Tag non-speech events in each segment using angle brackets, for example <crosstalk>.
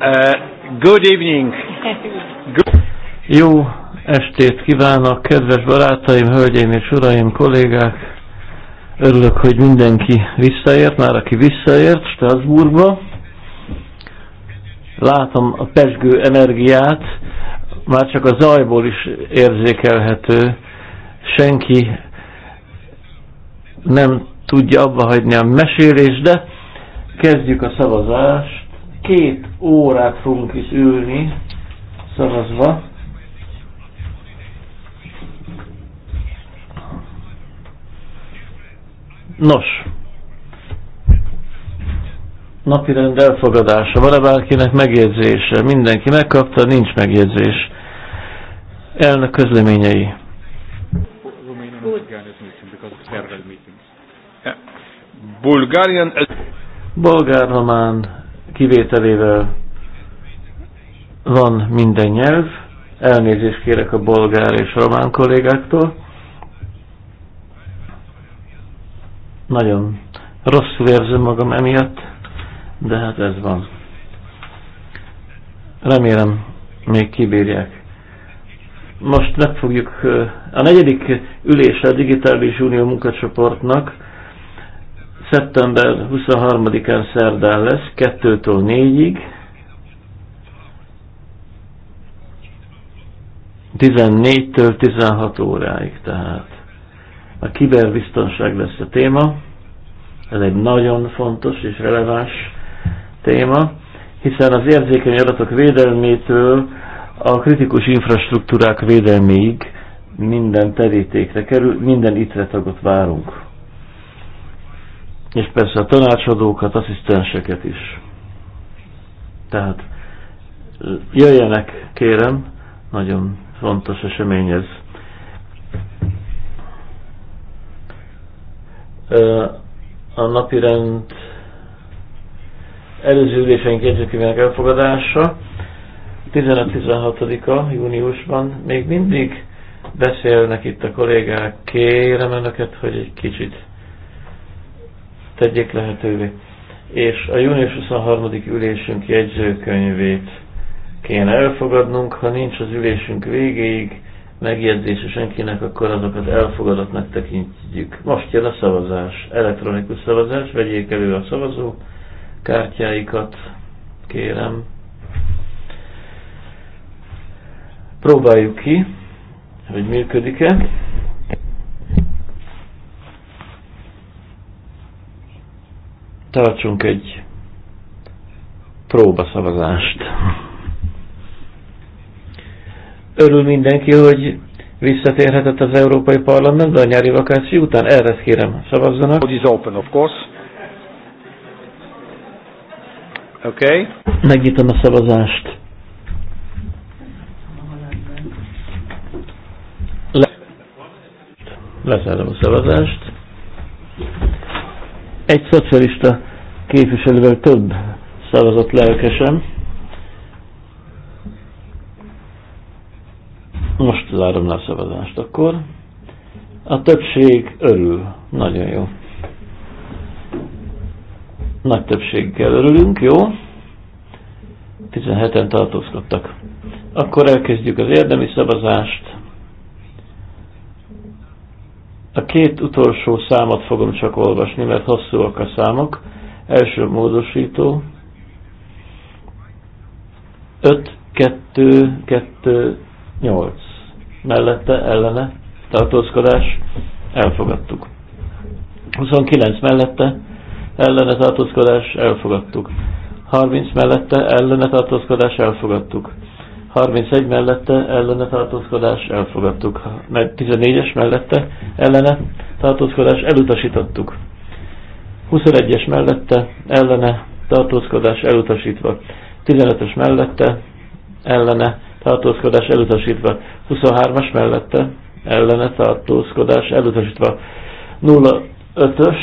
Uh, good evening. Good. <laughs> Jó estét kívánok, kedves barátaim, hölgyeim és uraim, kollégák. Örülök, hogy mindenki visszaért, már aki visszaért Strasbourgba. Látom a pesgő energiát, már csak a zajból is érzékelhető. Senki nem tudja abba hagyni a mesélést, de kezdjük a szavazást két órát fogunk itt ülni szavazva. Nos, napi rend elfogadása. Van-e bárkinek megjegyzése? Mindenki megkapta, nincs megjegyzés. Elnök közleményei. Bulgarian... Bulgár-román kivételével van minden nyelv, elnézést kérek a bolgár és román kollégáktól. Nagyon rosszul érzem magam emiatt, de hát ez van. Remélem, még kibírják. Most meg fogjuk a negyedik ülésre a Digitális Unió munkacsoportnak szeptember 23-án szerdán lesz, 2-től 4-ig, 14-től 16 óráig tehát. A kiberbiztonság lesz a téma, ez egy nagyon fontos és releváns téma, hiszen az érzékeny adatok védelmétől a kritikus infrastruktúrák védelméig minden terítékre kerül, minden itre tagot várunk és persze a tanácsadókat, asszisztenseket is. Tehát jöjjenek, kérem, nagyon fontos esemény ez. A napirend előző üléseink jegyzőkönyvének elfogadása 15-16-a júniusban még mindig beszélnek itt a kollégák, kérem önöket, hogy egy kicsit tegyék lehetővé. És a június 23. ülésünk jegyzőkönyvét kéne elfogadnunk, ha nincs az ülésünk végéig megjegyzése senkinek, akkor azokat elfogadottnak tekintjük. Most jön a szavazás, elektronikus szavazás, vegyék elő a szavazó kártyáikat, kérem. Próbáljuk ki, hogy működik-e. tartsunk egy próbaszavazást. Örül mindenki, hogy visszatérhetett az Európai parlament, a nyári vakáció után. Erre kérem, szavazzanak. It is open, of course. Okay. Megnyitom a szavazást. Le- lezárom a szavazást. Egy szocialista képviselővel több szavazott lelkesen. Most zárom le a szavazást akkor. A többség örül. Nagyon jó. Nagy többséggel örülünk, jó? 17-en tartózkodtak. Akkor elkezdjük az érdemi szavazást. A két utolsó számot fogom csak olvasni, mert hosszúak a számok. Első módosító. 5, 2, 2, 8. Mellette, ellene, tartózkodás, elfogadtuk. 29 mellette, ellene tartózkodás, elfogadtuk. 30 mellette, ellene tartózkodás, elfogadtuk. 31 mellette ellene tartózkodás elfogadtuk, meg 14-es mellette ellene tartózkodás elutasítottuk. 21-es mellette ellene tartózkodás elutasítva. 15 es mellette ellene tartózkodás elutasítva. 23-as mellette ellene tartózkodás elutasítva. 05-ös,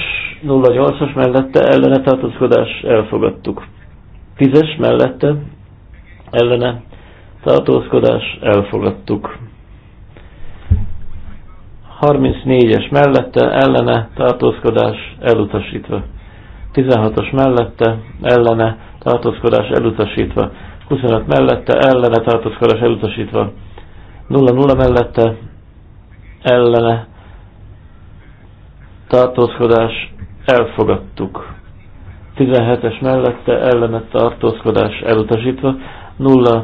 08-as mellette ellene tartózkodás elfogadtuk. 10-es mellette ellene tartózkodás, elfogadtuk. 34-es mellette, ellene, tartózkodás, elutasítva. 16-os mellette, ellene, tartózkodás, elutasítva. 25 mellette, ellene, tartózkodás, elutasítva. 0-0 mellette, ellene, tartózkodás, elfogadtuk. 17-es mellette, ellene, tartózkodás, elutasítva. 0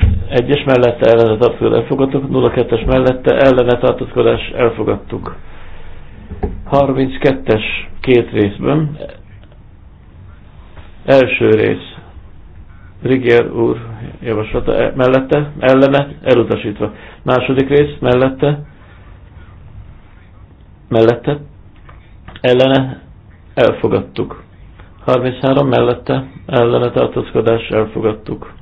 1-es mellette ellene tartózkodás elfogadtuk, 0 2 es mellette ellene tartózkodás elfogadtuk. 32-es két részben. Első rész. Rigier úr javaslata e- mellette, ellene, elutasítva. Második rész mellette, mellette, ellene, elfogadtuk. 33 mellette, ellene tartózkodás, elfogadtuk.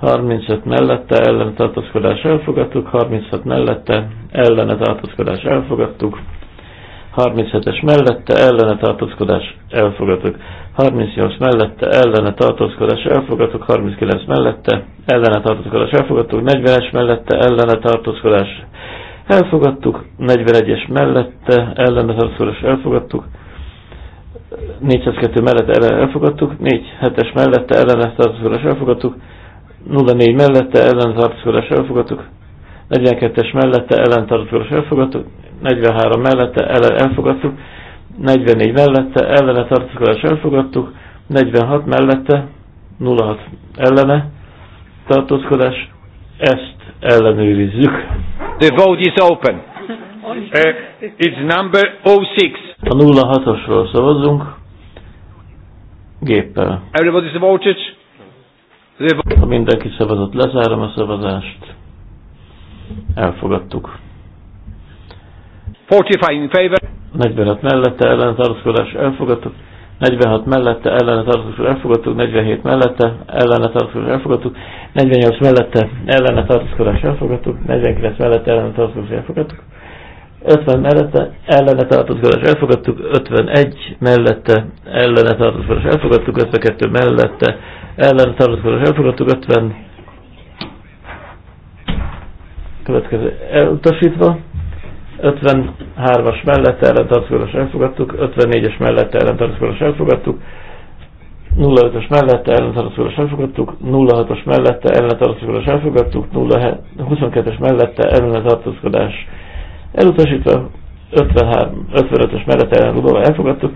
35 mellette ellene tartózkodás elfogadtuk, 36 mellette ellene tartózkodás elfogadtuk, 37-es mellette ellene tartózkodás elfogadtuk, 38 mellette ellene tartózkodás elfogadtuk, 39 mellette ellene tartózkodás elfogadtuk, 40-es mellette ellene tartózkodás elfogadtuk, 41-es mellette ellene tartózkodás elfogadtuk, 402 mellette ellene elfogadtuk, 47 es mellette ellene tartózkodás elfogadtuk, 04 mellette ellentartózkodás elfogadtuk, 42-es mellette ellentartózkodás elfogadtuk, 43 mellette ellen elfogadtuk, 44 mellette ellene tartózkodás elfogadtuk, 46 mellette 06 ellene tartózkodás, ezt ellenőrizzük. The vote is open. Uh, it's number 06. A 06-osról szavazunk. Géppel. Everybody's voted. Ha mindenki szavazott, lezárom a szavazást. Elfogadtuk. 45 in favor. 45 mellette elfogadtuk. 46 mellette ellenetartózkodás elfogadtuk. 47 mellette ellenetartózkodás elfogadtuk. 48 mellette ellenetartózkodás elfogadtuk. 49 mellette ellenetartózkodás elfogadtuk. 50 mellette ellene tartózkodás elfogadtuk, 51 mellette ellene tartózkodás elfogadtuk, 52 mellette ellen tartozkodás elfogadtuk, 50 következő elutasítva, 53-as mellette ellen tartózkodás elfogadtuk, 54-es mellette ellen tartózkodás elfogadtuk, 05-ös mellette ellentartózkodás elfogadtuk, 06-os mellette ellentartózkodás elfogadtuk, 22-es mellette ellentartózkodás elutasítva, 53, 55-ös mellette ellentartózkodás elfogadtuk,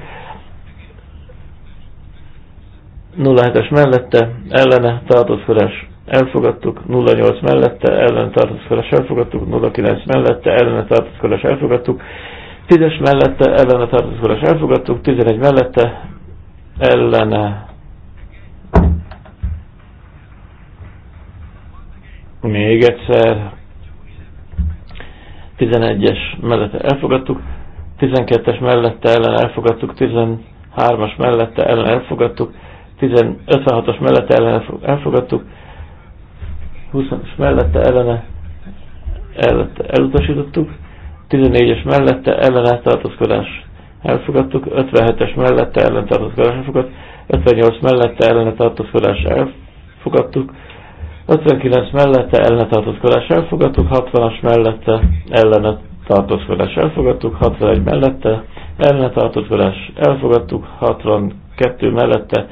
07-es mellette, ellene tartott feles, elfogadtuk, 08 mellette, ellene feles, elfogadtuk, 09 mellette, ellene tartott feles, elfogadtuk, 10-es mellette, ellene tartott feles, elfogadtuk, 11 mellette, ellene még egyszer 11-es mellette elfogadtuk, 12-es mellette ellen elfogadtuk, 13-as mellette ellen elfogadtuk, 56-os mellette ellene elfogadtuk, 20-as mellette ellene ellette elutasítottuk, 14-es mellette ellene tartózkodás elfogadtuk, 57-es mellette ellen tartózkodás elfogadtuk, 58 mellette ellene tartózkodás elfogadtuk, 59 mellette ellene tartózkodás elfogadtuk, 60-as mellette ellene tartózkodás elfogadtuk, 61 mellette ellene tartózkodás elfogadtuk, 62 mellette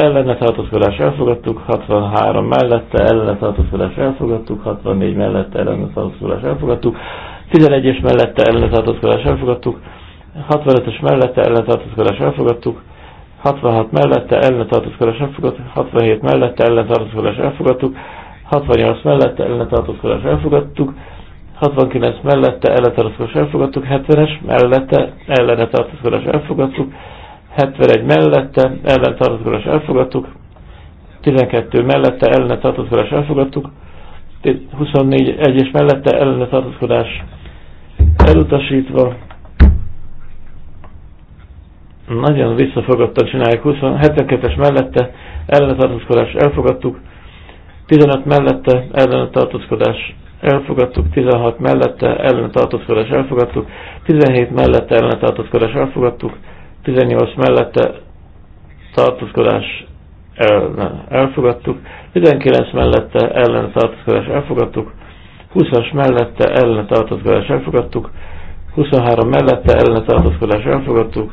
ellene tartózkodás elfogadtuk, 63 mellette ellene tartózkodás elfogadtuk, 64 mellette ellene tartózkodás elfogadtuk, 11-es mellette ellene tartózkodás elfogadtuk, 65 es mellette ellene tartózkodás elfogadtuk, 66 mellette ellene tartózkodás elfogadtuk, 67 mellette ellene tartózkodás elfogadtuk, 68 mellette ellene tartózkodás elfogadtuk, 69 mellette ellene tartózkodás elfogadtuk, 70-es mellette ellene tartózkodás elfogadtuk, 71 mellette, ellen tartózkodás elfogadtuk, 12 mellette, ellene tartózkodás elfogadtuk, 24 egyes mellette, ellene tartózkodás elutasítva, nagyon visszafogottan csináljuk, 72-es mellette, ellene tartózkodás elfogadtuk, 15 mellette, ellene tartózkodás elfogadtuk, 16 mellette ellenetartózkodás elfogadtuk, 17 mellette ellenetartózkodás elfogadtuk, 18 mellette tartózkodás el, nem, elfogadtuk, 19 mellette ellen tartózkodás elfogadtuk, 20-as mellette ellen tartózkodás elfogadtuk, 23 mellette ellen tartózkodás elfogadtuk,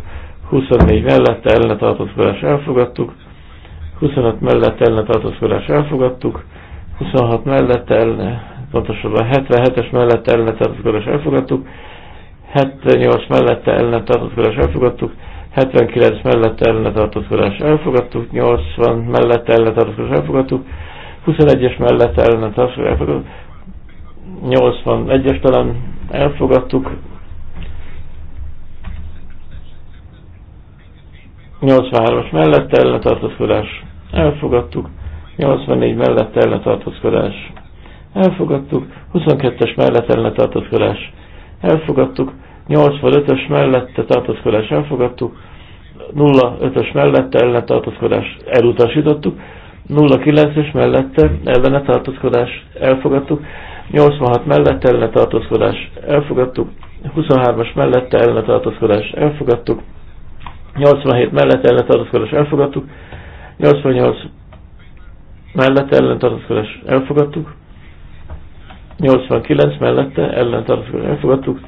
24 mellette ellen tartózkodás elfogadtuk, 25 mellette ellen tartózkodás elfogadtuk, 26 mellette ellen, pontosabban 77-es mellette ellen tartózkodás elfogadtuk, 78 mellette ellen tartózkodás elfogadtuk, 79 mellett ellenetartózkodás elfogadtuk, 80 mellett ellenetartózkodás elfogadtuk, 21-es mellett ellenetartózkodás elfogadtuk, 81-es talán elfogadtuk, 83-as mellett ellenetartózkodás elfogadtuk, 84 mellett ellenetartózkodás elfogadtuk, 22-es mellett ellenetartózkodás elfogadtuk, 85-ös mellette tartózkodás elfogadtuk, 05-ös mellette ellen tartózkodás elutasítottuk, 09 ös mellette ellene tartózkodás elfogadtuk, 86 mellette ellene tartózkodás elfogadtuk, 23-as mellette ellene tartózkodás elfogadtuk, 87 mellette ellene tartózkodás elfogadtuk, 88 mellette ellen tartózkodás elfogadtuk, 89 mellette ellen tartózkodás elfogadtuk,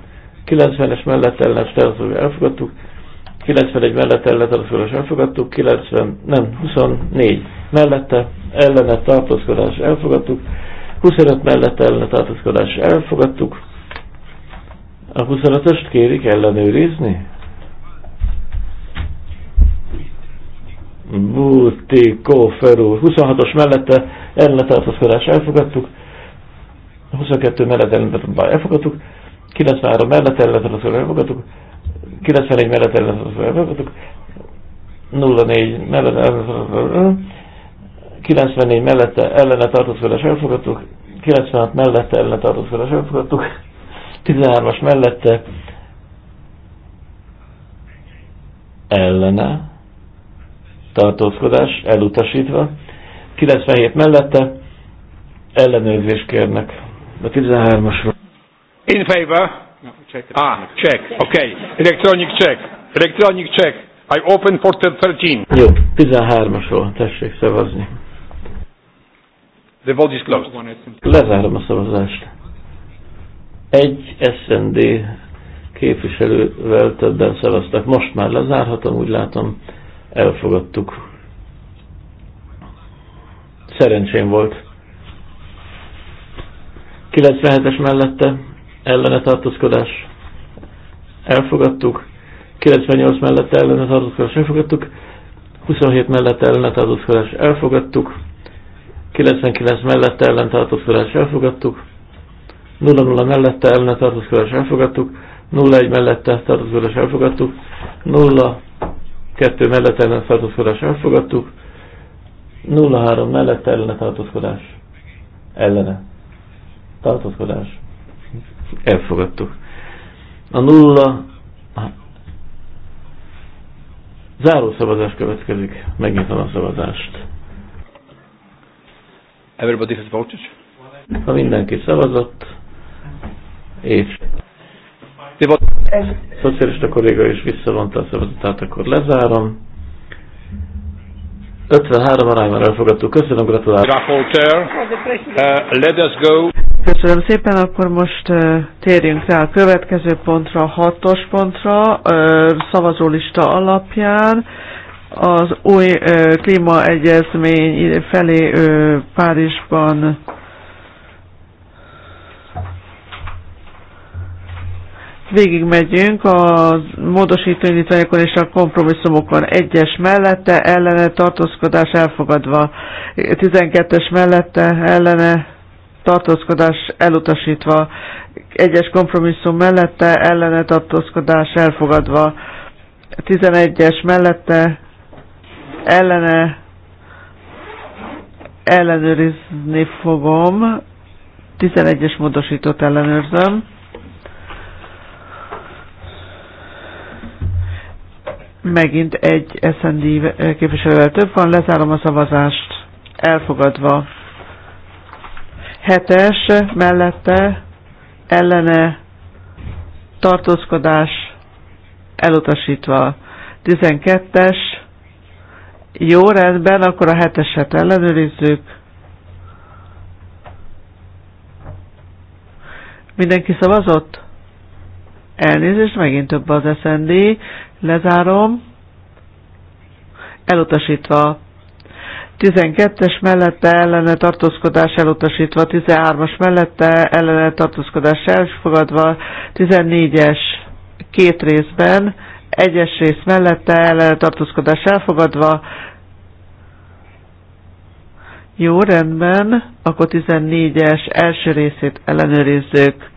90-es mellett ellen tartózkodás elfogadtuk, 91 mellett ellen tartózkodás elfogadtuk, 90, nem, 24 mellette ellene tartózkodás elfogadtuk, 25 mellett ellene tartózkodás elfogadtuk. A 25-öst kérik ellenőrizni? Buti Koferú. 26-os mellette ellenetartozkodás elfogadtuk, 22 mellett ellenetartozkodás elfogadtuk, 93 mellett ellenszorozóra elfogadtuk, 91 mellett ellenszorozóra elfogadtuk, 04 mellett ellenszorozóra 94 mellette ellene tartózkodás elfogadtuk, 96 mellette ellene tartózkodás elfogadtuk, 13-as mellette ellene tartózkodás elutasítva, 97 mellette ellenőrzést kérnek a 13-asról. In favor? No, check. Ah, check. Okay. Electronic check. Electronic check. I open for 13. Jó, 13-asról tessék szavazni. The vote is closed. Lezárom a szavazást. Egy SND képviselővel többen szavaztak. Most már lezárhatom, úgy látom, elfogadtuk. Szerencsém volt. 97-es mellette ellene tartózkodás elfogadtuk, 98 mellett ellene tartózkodás elfogadtuk, 27 mellett ellene tartózkodás elfogadtuk, 99 mellett ellen tartózkodás elfogadtuk, 00 mellette ellene tartózkodás elfogadtuk, 01 mellette tartózkodás elfogadtuk, 02 mellette ellen tartózkodás elfogadtuk, 03 mellette ellene tartózkodás ellene tartózkodás elfogadtuk. A nulla záró szavazás következik. Megnyitom a szavazást. Everybody has voted? Ha mindenki szavazott, és szocialista kolléga is visszavonta a szavazatát, akkor lezárom. 53 arányban elfogadtuk. Köszönöm, gratulálok. uh, let us go. Köszönöm szépen, akkor most uh, térjünk rá a következő pontra, a hatos pontra, uh, szavazólista alapján az új uh, klímaegyezmény felé uh, Párizsban megyünk a módosító indítványokon és a kompromisszumokon. Egyes mellette, ellene, tartózkodás elfogadva. 12-es mellette, ellene, tartózkodás elutasítva, egyes kompromisszum mellette, ellene tartózkodás elfogadva, 11-es mellette, ellene ellenőrizni fogom, 11-es módosítót ellenőrzöm. Megint egy SND képviselővel több van, lezárom a szavazást, elfogadva. Hetes mellette ellene tartózkodás elutasítva. 12-es jó rendben, akkor a heteset ellenőrizzük. Mindenki szavazott? Elnézést, megint több az SND. Lezárom. Elutasítva 12-es mellette ellene tartózkodás elutasítva, 13-as mellette ellene tartózkodás elfogadva, 14-es két részben, egyes rész mellette ellene tartózkodás elfogadva, jó, rendben, akkor 14-es első részét ellenőrizzük.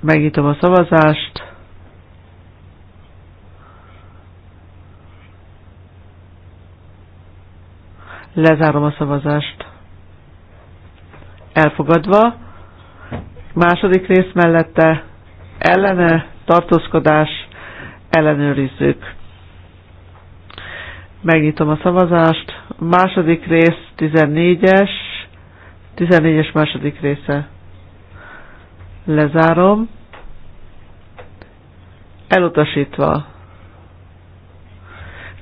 Megnyitom a szavazást. Lezárom a szavazást. Elfogadva. Második rész mellette ellene tartózkodás ellenőrizzük. Megnyitom a szavazást. Második rész 14-es. 14-es második része. Lezárom. Elutasítva.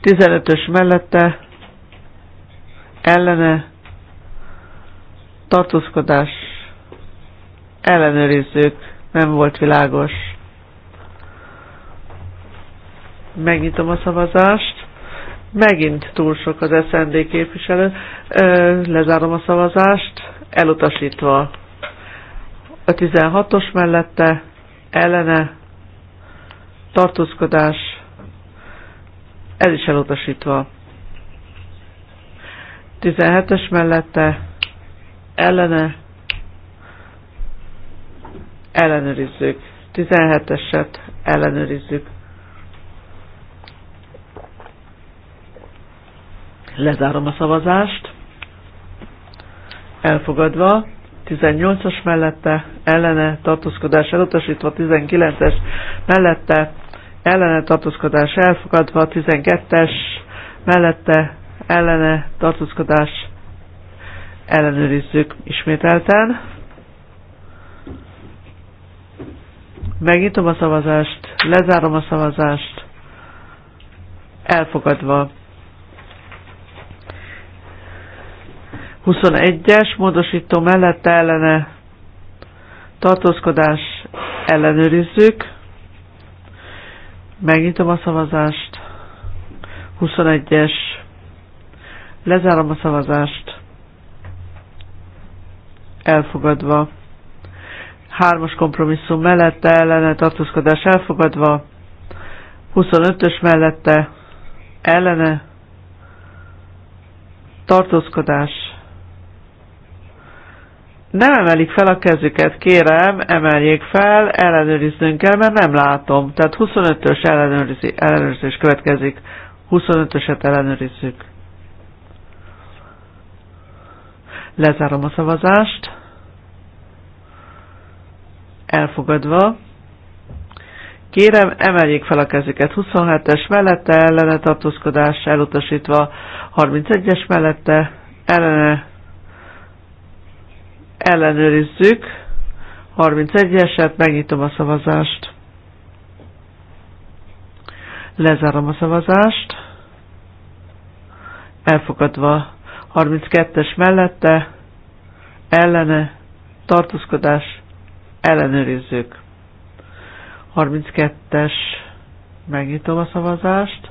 15-ös mellette ellene tartózkodás ellenőrizzük, nem volt világos. Megnyitom a szavazást. Megint túl sok az SND képviselő. Lezárom a szavazást, elutasítva. A 16-os mellette ellene tartózkodás, ez is elutasítva. 17-es mellette ellene ellenőrizzük. 17-eset ellenőrizzük. Lezárom a szavazást. Elfogadva. 18-as mellette ellene tartózkodás elutasítva, 19-es mellette ellene tartózkodás elfogadva, 12-es mellette ellene tartózkodás ellenőrizzük ismételten. Megnyitom a szavazást, lezárom a szavazást, elfogadva. 21-es módosító mellette ellene tartózkodás ellenőrizzük. Megnyitom a szavazást. 21-es Lezárom a szavazást. Elfogadva. Hármas kompromisszum mellette ellene tartózkodás elfogadva. 25-ös mellette ellene tartózkodás. Nem emelik fel a kezüket, kérem, emeljék fel, ellenőriznünk kell, mert nem látom. Tehát 25-ös ellenőrzés következik. 25-öset ellenőrizzük. Lezárom a szavazást. Elfogadva. Kérem, emeljék fel a kezüket 27-es mellette, ellene tartózkodás elutasítva, 31-es mellette, ellene ellenőrizzük, 31-eset, megnyitom a szavazást. Lezárom a szavazást. Elfogadva 32-es mellette ellene tartózkodás ellenőrizzük. 32-es megnyitom a szavazást,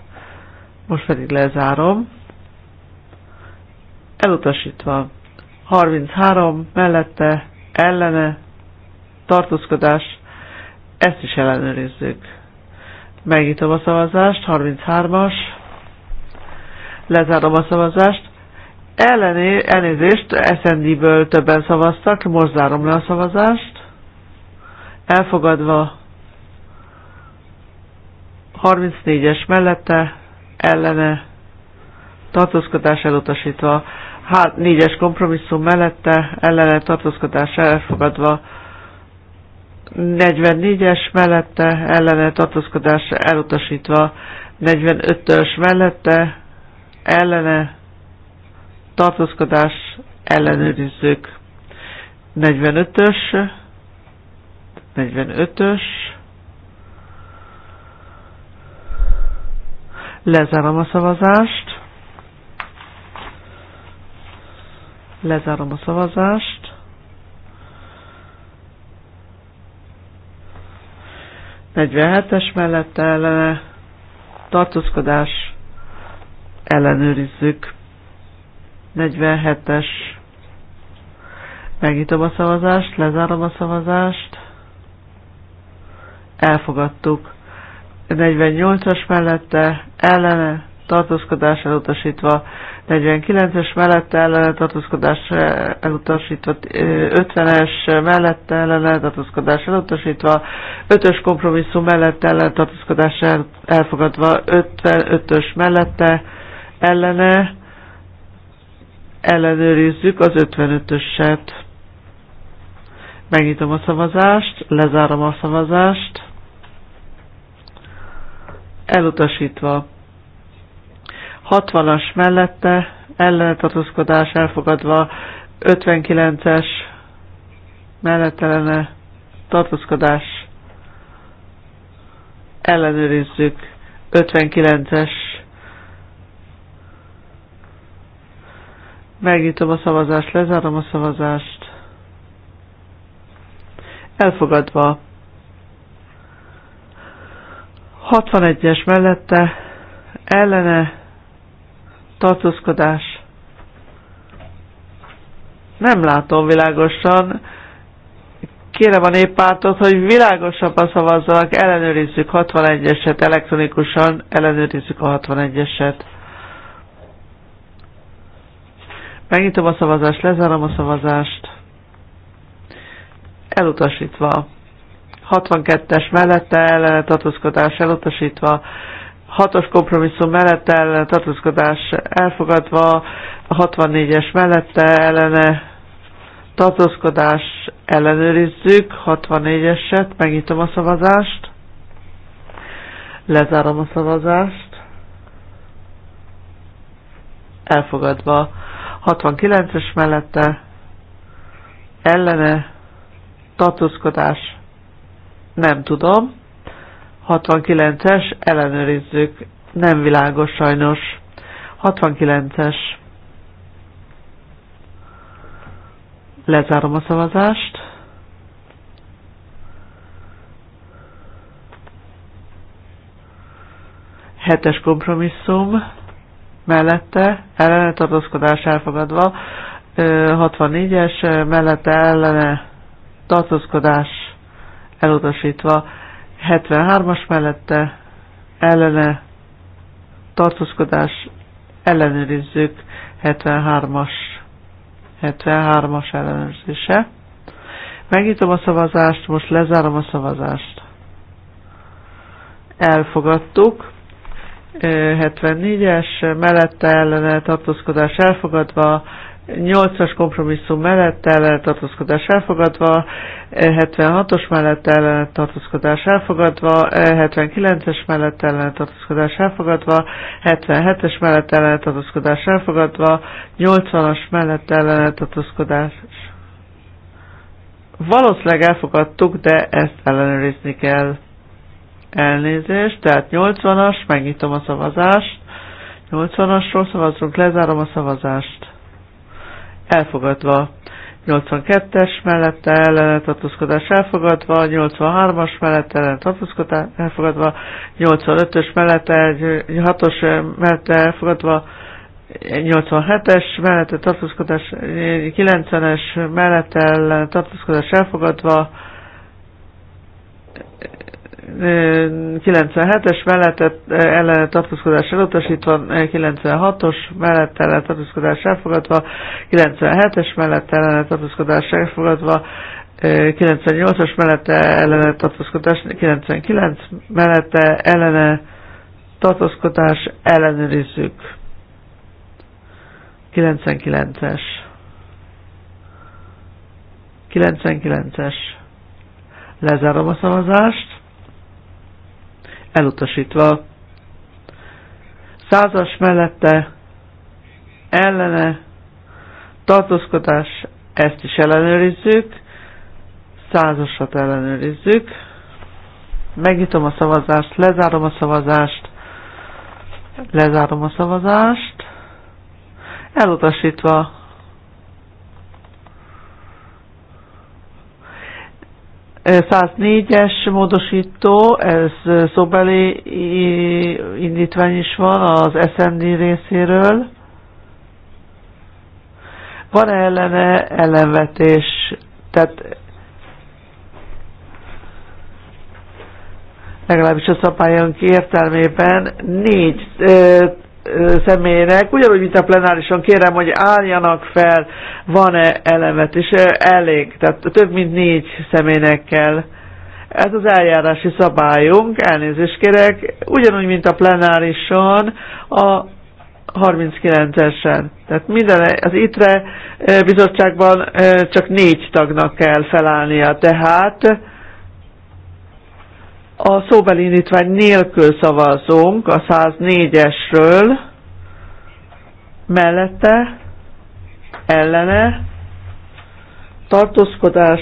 most pedig lezárom. Elutasítva. 33 mellette ellene tartózkodás, ezt is ellenőrizzük. Megnyitom a szavazást, 33-as, lezárom a szavazást, ellené, elnézést, SND-ből többen szavaztak, most zárom le a szavazást. Elfogadva 34-es mellette, ellene, tartózkodás elutasítva, 4-es kompromisszum mellette, ellene, tartózkodás elfogadva, 44-es mellette, ellene, tartózkodás elutasítva, 45-ös mellette, ellene, tartózkodás ellenőrizzük. 45-ös, 45-ös, lezárom a szavazást, lezárom a szavazást, 47-es mellett ellene tartózkodás ellenőrizzük. 47-es. Megnyitom a szavazást, lezárom a szavazást. Elfogadtuk. 48-as mellette ellene tartózkodás elutasítva, 49-es mellette ellene tartózkodás elutasítva, 50-es mellette ellene tartózkodás elutasítva, 5-ös kompromisszum mellette ellene tartózkodás elfogadva, 55-ös mellette ellene ellenőrizzük az 55-öset. Megnyitom a szavazást, lezárom a szavazást. Elutasítva. 60-as mellette ellenetartózkodás elfogadva, 59-es mellettelene tartózkodás ellenőrizzük, 59-es Megnyitom a szavazást, lezárom a szavazást. Elfogadva. 61-es mellette ellene tartózkodás. Nem látom világosan. Kérem a néppártot, hogy világosabban szavazzanak, ellenőrizzük 61-eset elektronikusan, ellenőrizzük a 61-eset. Megnyitom a szavazást, lezárom a szavazást. Elutasítva. 62-es mellette ellen tartózkodás elutasítva, 6-os kompromisszum mellette ellen tartózkodás elfogadva, 64-es mellette ellene tartózkodás ellenőrizzük, 64-eset, megnyitom a szavazást, lezárom a szavazást, elfogadva. 69-es mellette ellene tartózkodás nem tudom. 69-es, ellenőrizzük. Nem világos sajnos. 69-es. Lezárom a szavazást. Hetes kompromisszum mellette, ellene tartózkodás elfogadva, 64-es mellette ellene tartózkodás elutasítva, 73-as mellette ellene tartózkodás ellenőrizzük 73-as 73-as ellenőrzése. Megnyitom a szavazást, most lezárom a szavazást. Elfogadtuk. 74-es mellette ellene tartózkodás elfogadva, 8-as kompromisszum mellett ellene tartózkodás elfogadva, 76-os mellett ellene tartózkodás elfogadva, 79-es mellett ellene tartózkodás elfogadva, 77-es mellett ellene tartózkodás elfogadva, 80-as mellett ellene tartózkodás Valószínűleg elfogadtuk, de ezt ellenőrizni kell elnézést, tehát 80-as, megnyitom a szavazást, 80-asról szavazunk, lezárom a szavazást. Elfogadva. 82-es mellette ellene tartózkodás elfogadva, 83-as mellette ellene tartózkodás elfogadva, 85-ös mellette, 6-os mellette elfogadva, 87-es mellette tartózkodás, 90-es mellette ellene tartózkodás elfogadva, 97-es mellett ellene tartózkodás elutasítva, 96-os mellett ellene tartózkodás elfogadva, 97-es mellett ellene tartózkodás elfogadva, 98-as eh, mellette ellene tartózkodás, 99 mellette ellene tartózkodás ellenőrizzük. 99-es. 99-es. Lezárom a szavazást elutasítva. Százas mellette ellene tartózkodás, ezt is ellenőrizzük. Százasat ellenőrizzük. Megnyitom a szavazást, lezárom a szavazást, lezárom a szavazást, elutasítva 104-es módosító, ez szobeli indítvány is van az SND részéről. Van -e ellene ellenvetés? Tehát legalábbis a szabályunk értelmében négy személynek, ugyanúgy, mint a plenárison kérem, hogy álljanak fel, van-e elemet, és elég, tehát több mint négy személynek kell. Ez az eljárási szabályunk, elnézést kérek, ugyanúgy, mint a plenárison, a 39-esen. Tehát minden, az ITRE bizottságban csak négy tagnak kell felállnia, tehát a szóbelindítvány nélkül szavazunk a 104-esről, mellette, ellene, tartózkodás.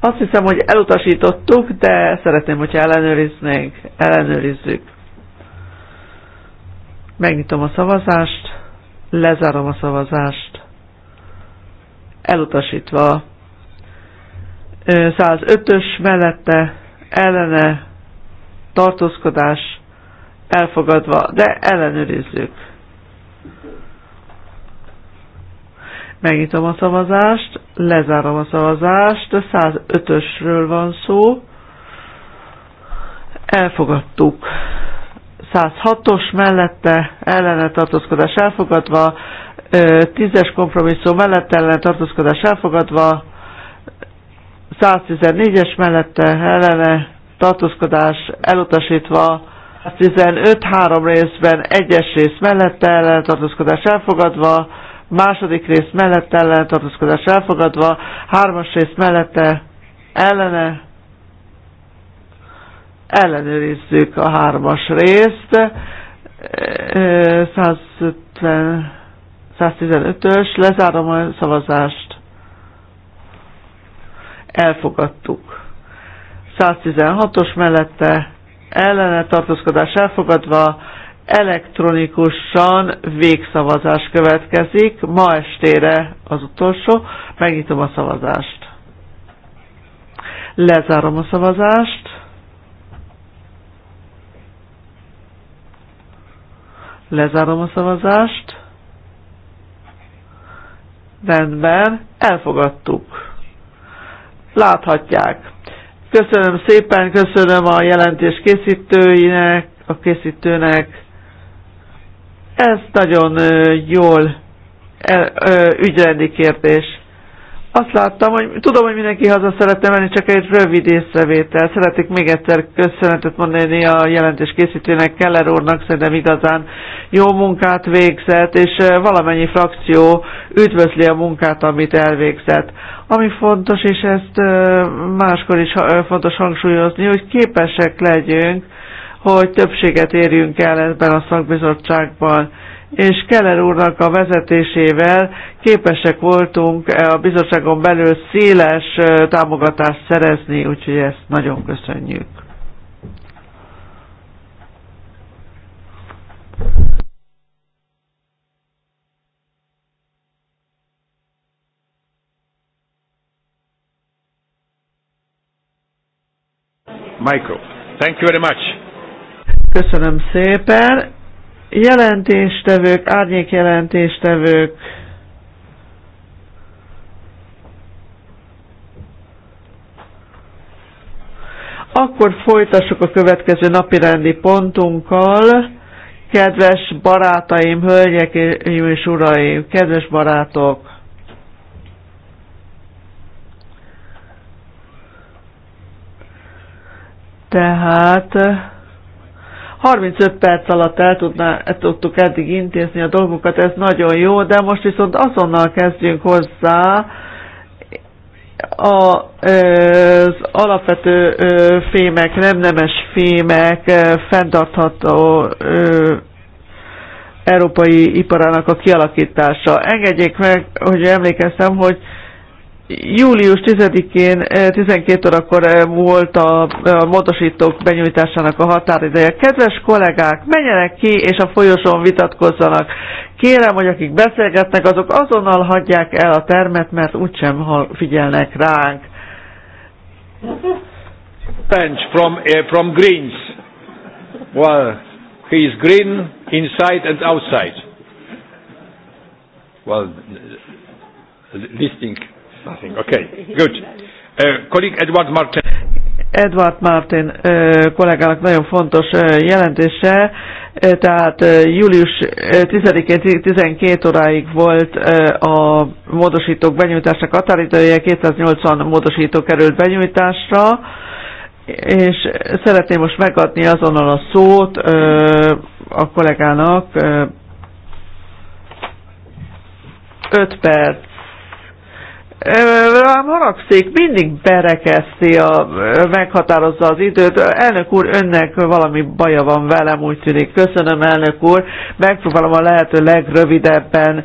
Azt hiszem, hogy elutasítottuk, de szeretném, hogyha ellenőriznénk, ellenőrizzük. Megnyitom a szavazást, lezárom a szavazást, elutasítva 105-ös mellette, ellene tartózkodás elfogadva, de ellenőrizzük. Megnyitom a szavazást, lezárom a szavazást, 105-ösről van szó, elfogadtuk. 106-os mellette ellene tartózkodás elfogadva, 10-es kompromisszum mellett ellen tartózkodás elfogadva, 114-es mellette ellene tartózkodás elutasítva, 15 három részben, egyes rész mellette ellen tartózkodás elfogadva, második rész mellette ellen tartózkodás elfogadva, hármas rész mellette ellene ellenőrizzük a hármas részt, 115-ös, lezárom a szavazást elfogadtuk. 116-os mellette ellene tartózkodás elfogadva, elektronikusan végszavazás következik. Ma estére az utolsó. Megnyitom a szavazást. Lezárom a szavazást. Lezárom a szavazást. Rendben, elfogadtuk láthatják. Köszönöm szépen, köszönöm a jelentés készítőinek, a készítőnek. Ez nagyon jól ügyrendi kérdés. Azt láttam, hogy tudom, hogy mindenki haza szeretne menni, csak egy rövid észrevétel. Szeretnék még egyszer köszönetet mondani a jelentés készítőnek, Keller úrnak, szerintem igazán jó munkát végzett, és valamennyi frakció üdvözli a munkát, amit elvégzett. Ami fontos, és ezt máskor is fontos hangsúlyozni, hogy képesek legyünk, hogy többséget érjünk el ebben a szakbizottságban. És Keller úrnak a vezetésével képesek voltunk a bizottságon belül széles támogatást szerezni, úgyhogy ezt nagyon köszönjük. Michael. Thank you very much. Köszönöm szépen. Jelentéstevők, árnyék jelentéstevők. Akkor folytassuk a következő napirendi pontunkkal. Kedves barátaim, hölgyek, és uraim, kedves barátok! Tehát 35 eh, perc alatt el tudná, el tudtuk eddig intézni a dolgunkat, ez nagyon jó, de most viszont azonnal kezdjünk hozzá a, eh, az alapvető eh, fémek, nem nemes fémek, fenntartható európai iparának a kialakítása. Engedjék meg, hogy emlékeztem, hogy Július 10-én 12 eh, órakor eh, volt a, a módosítók benyújtásának a határideje. Kedves kollégák, menjenek ki és a folyosón vitatkozzanak. Kérem, hogy akik beszélgetnek, azok azonnal hagyják el a termet, mert úgysem figyelnek ránk. Bench from, uh, from Greens. Well, he is green inside and outside. Well, listing nothing. Okay, good. Uh, colleague Edward Martin. Edward Martin uh, kollégának nagyon fontos uh, jelentése, uh, tehát július 10-én 12 óráig volt a módosítók benyújtásnak határidője, 280 módosító került benyújtásra, és szeretném most megadni azonnal a szót a kollégának 5 perc rám haragszik, mindig berekezti, a, meghatározza az időt. Elnök úr, önnek valami baja van velem, úgy tűnik. Köszönöm, elnök úr. Megpróbálom a lehető legrövidebben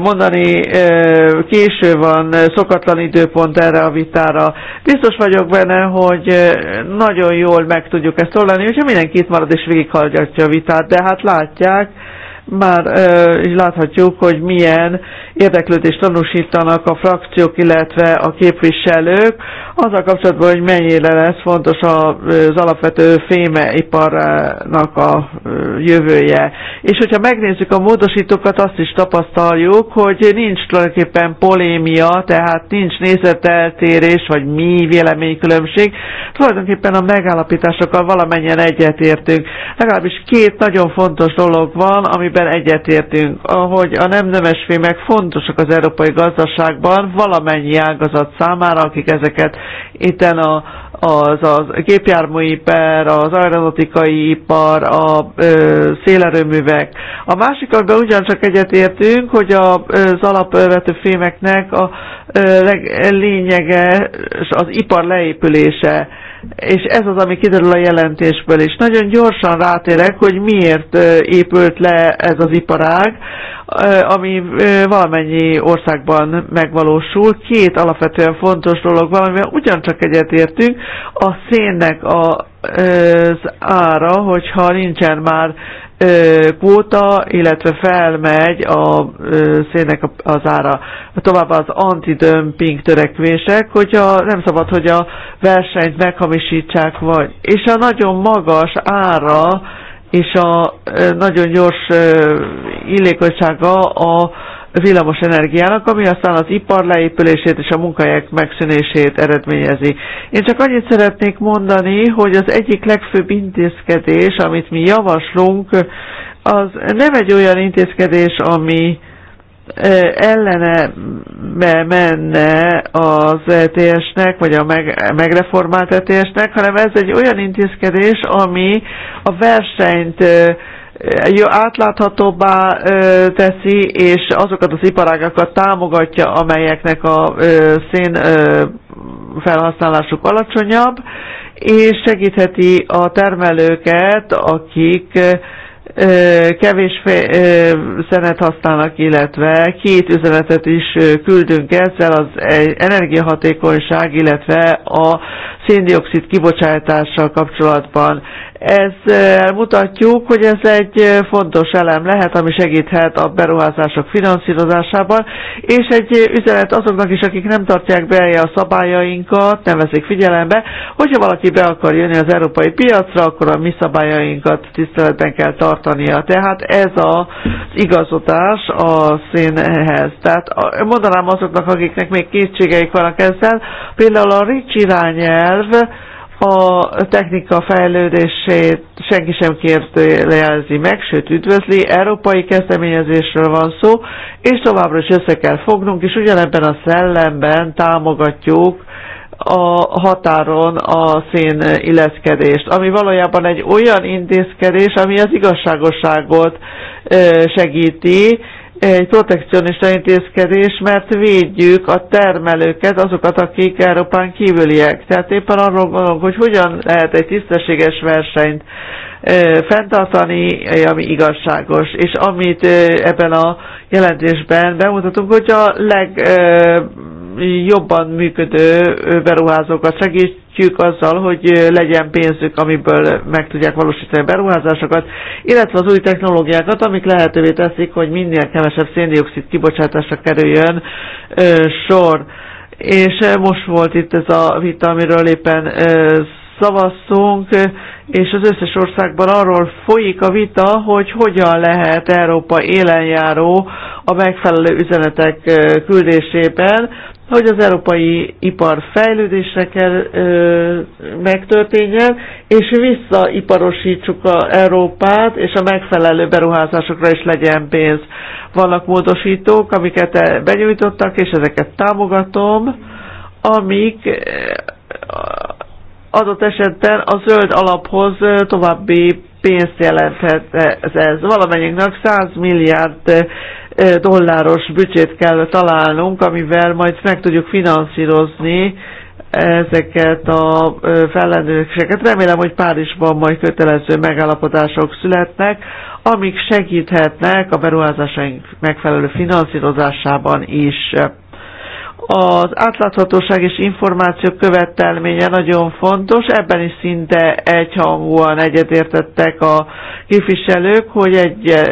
mondani. Késő van, szokatlan időpont erre a vitára. Biztos vagyok benne, hogy nagyon jól meg tudjuk ezt tolani, hogyha mindenki itt marad és végighallgatja a vitát, de hát látják, már e, így láthatjuk, hogy milyen érdeklődést tanúsítanak a frakciók, illetve a képviselők, azzal kapcsolatban, hogy mennyire lesz fontos az alapvető fémeiparnak a jövője. És hogyha megnézzük a módosítókat, azt is tapasztaljuk, hogy nincs tulajdonképpen polémia, tehát nincs nézeteltérés, vagy mi véleménykülönbség. Tulajdonképpen a megállapításokkal valamennyien egyetértünk. Legalábbis két nagyon fontos dolog van, ami amiben egyetértünk, ahogy a nem nemes fémek fontosak az európai gazdaságban valamennyi ágazat számára, akik ezeket itten a, az, az gépjárműipar, az aeronautikai ipar, a ö, szélerőművek. A másik, amiben ugyancsak egyetértünk, hogy a, az alapvető fémeknek a ö, leg, lényege az ipar leépülése és ez az, ami kiderül a jelentésből is. Nagyon gyorsan rátérek, hogy miért épült le ez az iparág, ami valamennyi országban megvalósul. Két alapvetően fontos dolog van, amivel ugyancsak egyetértünk, a szénnek az ára, hogyha nincsen már kvóta, illetve felmegy a szének az ára. Továbbá az antidömping törekvések, hogyha nem szabad, hogy a versenyt meghamisítsák, vagy. És a nagyon magas ára és a nagyon gyors illékonysága a villamos energiának, ami aztán az ipar leépülését és a munkahelyek megszűnését eredményezi. Én csak annyit szeretnék mondani, hogy az egyik legfőbb intézkedés, amit mi javaslunk, az nem egy olyan intézkedés, ami e, ellene menne az ETS-nek, vagy a meg, megreformált ETS-nek, hanem ez egy olyan intézkedés, ami a versenyt e, jó átláthatóbbá teszi, és azokat az iparágakat támogatja, amelyeknek a szén felhasználásuk alacsonyabb, és segítheti a termelőket, akik kevés szenet használnak, illetve két üzenetet is küldünk ezzel, az e-, energiahatékonyság, illetve a széndiokszid kibocsátással kapcsolatban. Ez mutatjuk, hogy ez egy fontos elem lehet, ami segíthet a beruházások finanszírozásában, és egy üzenet azoknak is, akik nem tartják be a szabályainkat, nem veszik figyelembe, hogyha valaki be akar jönni az európai piacra, akkor a mi szabályainkat tiszteletben kell tartania. Tehát ez az igazodás a színhez. Tehát mondanám azoknak, akiknek még kétségeik vannak ezzel, például a RICS irányel, irányelv a technika fejlődését senki sem kérdőjelezi meg, sőt üdvözli, európai kezdeményezésről van szó, és továbbra is össze kell fognunk, és ugyanebben a szellemben támogatjuk a határon a szén illeszkedést, ami valójában egy olyan intézkedés, ami az igazságosságot segíti, egy protekcionista intézkedés, mert védjük a termelőket, azokat, akik Európán kívüliek. Tehát éppen arról gondolunk, hogy hogyan lehet egy tisztességes versenyt fenntartani, ami igazságos. És amit ebben a jelentésben bemutatunk, hogy a leg jobban működő beruházókat segítjük azzal, hogy legyen pénzük, amiből meg tudják valósítani beruházásokat, illetve az új technológiákat, amik lehetővé teszik, hogy minél kevesebb széndiokszid kibocsátásra kerüljön sor. És most volt itt ez a vita, amiről éppen szavaztunk, és az összes országban arról folyik a vita, hogy hogyan lehet Európa élenjáró a megfelelő üzenetek küldésében, hogy az európai ipar fejlődésre kell ö, megtörténjen, és visszaiparosítsuk a Európát, és a megfelelő beruházásokra is legyen pénz. Vannak módosítók, amiket benyújtottak, és ezeket támogatom, amik adott esetben a zöld alaphoz további pénzt jelenthet ez. Valamennyiknek 100 milliárd dolláros büdzsét kell találnunk, amivel majd meg tudjuk finanszírozni ezeket a felelősségeket. Remélem, hogy Párizsban majd kötelező megállapodások születnek, amik segíthetnek a beruházásaink megfelelő finanszírozásában is az átláthatóság és információ követelménye nagyon fontos, ebben is szinte egyhangúan egyetértettek a képviselők, hogy egy eh,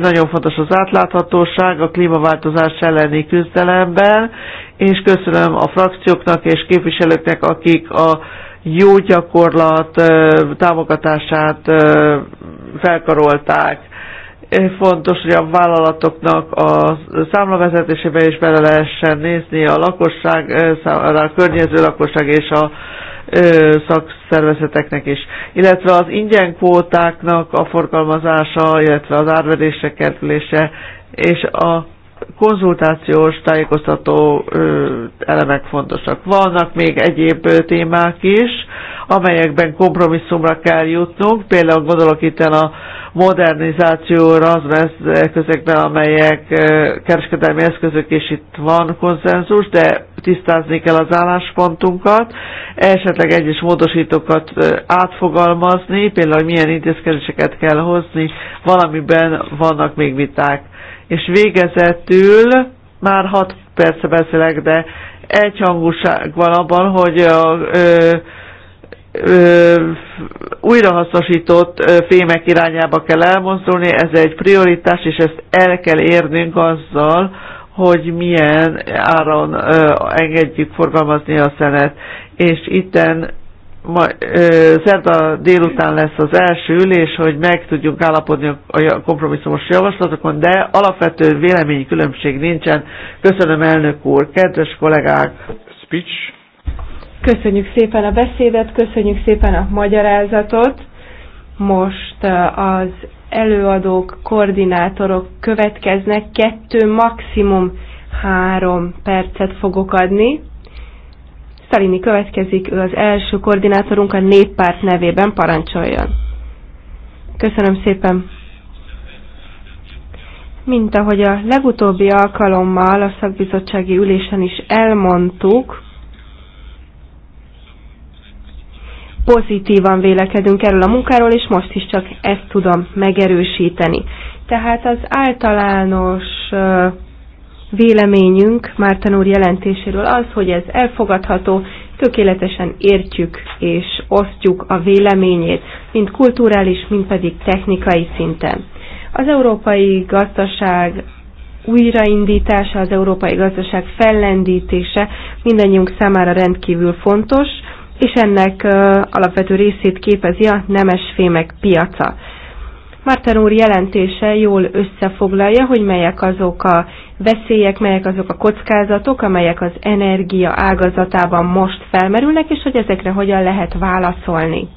nagyon fontos az átláthatóság a klímaváltozás elleni küzdelemben, és köszönöm a frakcióknak és képviselőknek, akik a jó gyakorlat eh, támogatását eh, felkarolták fontos, hogy a vállalatoknak a számlavezetésébe is bele lehessen nézni a lakosság, a környező lakosság és a szakszervezeteknek is. Illetve az ingyen kvótáknak a forgalmazása, illetve az árverésre kerülése, és a konzultációs, tájékoztató elemek fontosak. Vannak még egyéb témák is, amelyekben kompromisszumra kell jutnunk, például gondolok itt a modernizációra, az eszközökben, amelyek kereskedelmi eszközök, és itt van konszenzus, de tisztázni kell az álláspontunkat, esetleg egyes módosítókat átfogalmazni, például milyen intézkedéseket kell hozni, valamiben vannak még viták. És végezetül, már 6 perce beszélek, de egyhangúság van abban, hogy a ö, ö, újrahasznosított fémek irányába kell elmozdulni, ez egy prioritás, és ezt el kell érnünk azzal, hogy milyen áron ö, engedjük forgalmazni a szenet. És itten ma, ö, szerda délután lesz az első ülés, hogy meg tudjunk állapodni a kompromisszumos javaslatokon, de alapvető véleményi különbség nincsen. Köszönöm, elnök úr, kedves kollégák! Speech. Köszönjük szépen a beszédet, köszönjük szépen a magyarázatot. Most az előadók, koordinátorok következnek, kettő, maximum három percet fogok adni. Szalini következik, ő az első koordinátorunk a néppárt nevében parancsoljon. Köszönöm szépen! Mint ahogy a legutóbbi alkalommal a szakbizottsági ülésen is elmondtuk, pozitívan vélekedünk erről a munkáról, és most is csak ezt tudom megerősíteni. Tehát az általános véleményünk Márton úr jelentéséről az, hogy ez elfogadható, tökéletesen értjük és osztjuk a véleményét, mind kulturális, mind pedig technikai szinten. Az európai gazdaság újraindítása, az európai gazdaság fellendítése mindannyiunk számára rendkívül fontos, és ennek alapvető részét képezi a nemes fémek piaca. Márten úr jelentése jól összefoglalja, hogy melyek azok a veszélyek, melyek azok a kockázatok, amelyek az energia ágazatában most felmerülnek, és hogy ezekre hogyan lehet válaszolni.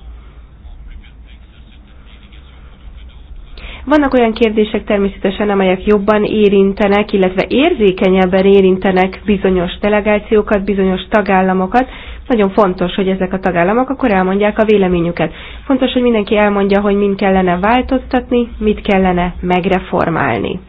Vannak olyan kérdések természetesen, amelyek jobban érintenek, illetve érzékenyebben érintenek bizonyos delegációkat, bizonyos tagállamokat. Nagyon fontos, hogy ezek a tagállamok akkor elmondják a véleményüket. Fontos, hogy mindenki elmondja, hogy mind kellene változtatni, mit kellene megreformálni.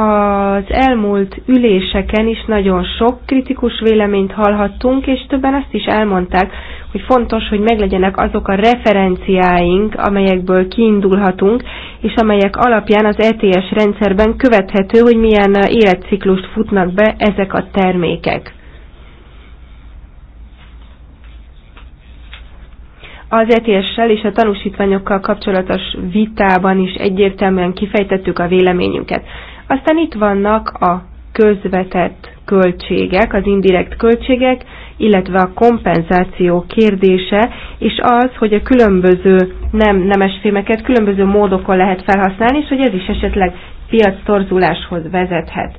Az elmúlt üléseken is nagyon sok kritikus véleményt hallhattunk, és többen azt is elmondták, hogy fontos, hogy meglegyenek azok a referenciáink, amelyekből kiindulhatunk, és amelyek alapján az ETS rendszerben követhető, hogy milyen életciklust futnak be ezek a termékek. Az ETS-sel és a tanúsítványokkal kapcsolatos vitában is egyértelműen kifejtettük a véleményünket. Aztán itt vannak a közvetett költségek, az indirekt költségek, illetve a kompenzáció kérdése, és az, hogy a különböző nem, nemes fémeket különböző módokon lehet felhasználni, és hogy ez is esetleg piac torzuláshoz vezethet.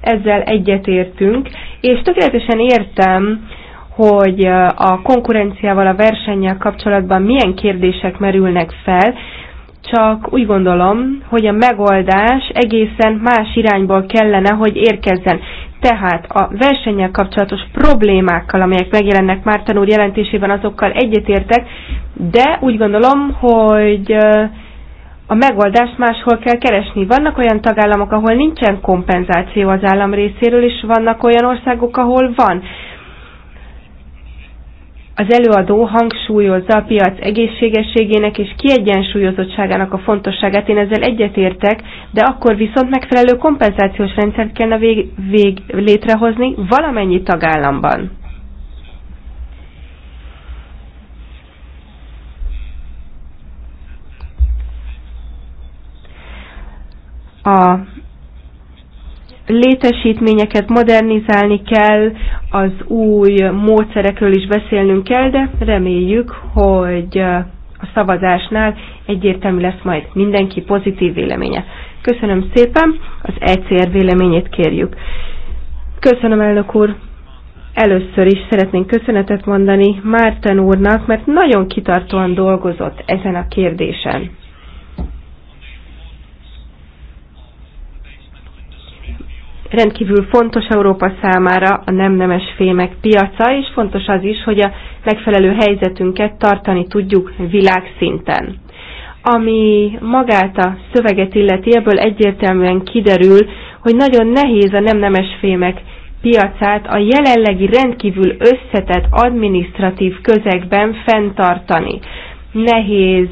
Ezzel egyetértünk, és tökéletesen értem, hogy a konkurenciával, a versennyel kapcsolatban milyen kérdések merülnek fel, csak úgy gondolom, hogy a megoldás egészen más irányból kellene, hogy érkezzen. Tehát a versennyel kapcsolatos problémákkal, amelyek megjelennek Márton úr jelentésében, azokkal egyetértek, de úgy gondolom, hogy a megoldást máshol kell keresni. Vannak olyan tagállamok, ahol nincsen kompenzáció az állam részéről, és vannak olyan országok, ahol van. Az előadó hangsúlyozza a piac egészségességének és kiegyensúlyozottságának a fontosságát, én ezzel egyetértek, de akkor viszont megfelelő kompenzációs rendszert kellene vég, vég, létrehozni valamennyi tagállamban. A létesítményeket modernizálni kell, az új módszerekről is beszélnünk kell, de reméljük, hogy a szavazásnál egyértelmű lesz majd mindenki pozitív véleménye. Köszönöm szépen, az ECR véleményét kérjük. Köszönöm, elnök úr! Először is szeretnénk köszönetet mondani Márten úrnak, mert nagyon kitartóan dolgozott ezen a kérdésen. rendkívül fontos Európa számára a nem nemes fémek piaca, és fontos az is, hogy a megfelelő helyzetünket tartani tudjuk világszinten. Ami magát a szöveget illeti, ebből egyértelműen kiderül, hogy nagyon nehéz a nem nemes fémek piacát a jelenlegi rendkívül összetett adminisztratív közegben fenntartani nehéz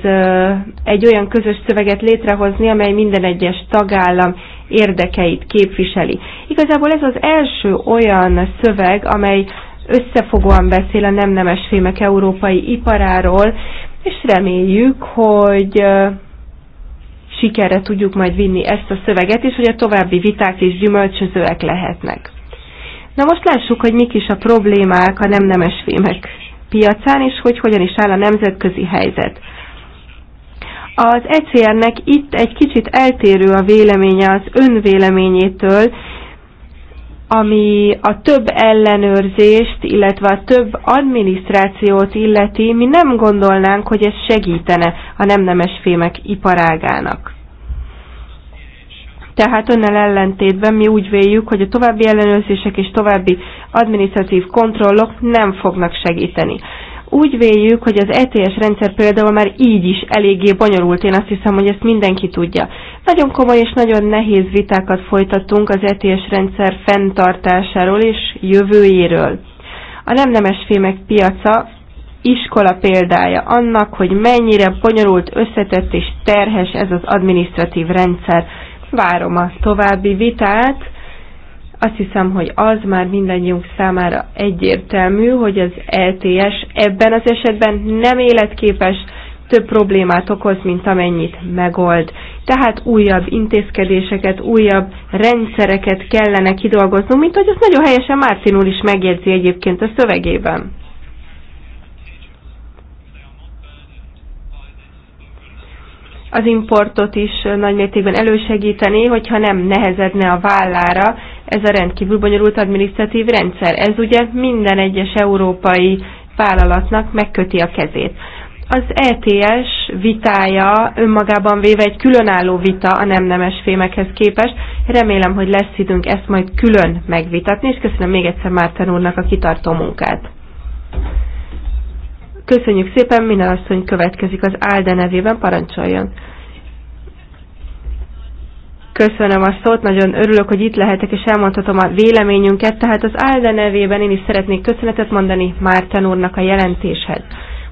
egy olyan közös szöveget létrehozni, amely minden egyes tagállam érdekeit képviseli. Igazából ez az első olyan szöveg, amely összefogóan beszél a nem nemes fémek európai iparáról, és reméljük, hogy sikerre tudjuk majd vinni ezt a szöveget, és hogy a további viták és gyümölcsözőek lehetnek. Na most lássuk, hogy mik is a problémák a nem nemes fémek piacán, és hogy hogyan is áll a nemzetközi helyzet. Az ECR-nek itt egy kicsit eltérő a véleménye az önvéleményétől, ami a több ellenőrzést, illetve a több adminisztrációt illeti, mi nem gondolnánk, hogy ez segítene a nem nemes fémek iparágának. Tehát önnel ellentétben mi úgy véljük, hogy a további ellenőrzések és további adminisztratív kontrollok nem fognak segíteni. Úgy véljük, hogy az ETS rendszer például már így is eléggé bonyolult, én azt hiszem, hogy ezt mindenki tudja. Nagyon komoly és nagyon nehéz vitákat folytatunk az ETS rendszer fenntartásáról és jövőjéről. A nem nemes fémek piaca iskola példája annak, hogy mennyire bonyolult, összetett és terhes ez az adminisztratív rendszer várom a további vitát. Azt hiszem, hogy az már mindannyiunk számára egyértelmű, hogy az LTS ebben az esetben nem életképes, több problémát okoz, mint amennyit megold. Tehát újabb intézkedéseket, újabb rendszereket kellene kidolgoznunk, mint hogy azt nagyon helyesen Márcin úr is megjegyzi egyébként a szövegében. az importot is nagymértékben elősegíteni, hogyha nem nehezedne a vállára ez a rendkívül bonyolult adminisztratív rendszer. Ez ugye minden egyes európai vállalatnak megköti a kezét. Az ETS vitája önmagában véve egy különálló vita a nem nemes fémekhez képest. Remélem, hogy lesz időnk ezt majd külön megvitatni, és köszönöm még egyszer Márten úrnak a kitartó munkát. Köszönjük szépen, minden asszony következik az Álde nevében, parancsoljon. Köszönöm a szót, nagyon örülök, hogy itt lehetek, és elmondhatom a véleményünket. Tehát az Álde nevében én is szeretnék köszönetet mondani Márten úrnak a jelentéshez.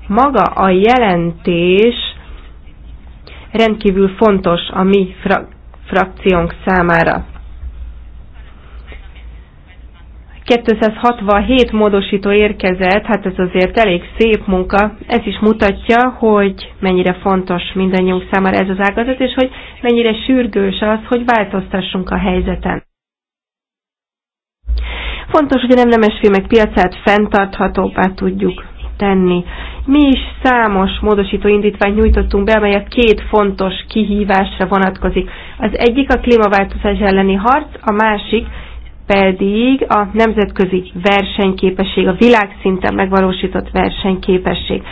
Maga a jelentés rendkívül fontos a mi frak frakciónk számára. 267 módosító érkezett, hát ez azért elég szép munka. Ez is mutatja, hogy mennyire fontos mindannyiunk számára ez az ágazat, és hogy mennyire sürgős az, hogy változtassunk a helyzeten. Fontos, hogy a nem nemes filmek piacát fenntarthatóbbá tudjuk tenni. Mi is számos módosító indítványt nyújtottunk be, amely a két fontos kihívásra vonatkozik. Az egyik a klímaváltozás elleni harc, a másik pedig a nemzetközi versenyképesség, a világszinten megvalósított versenyképesség.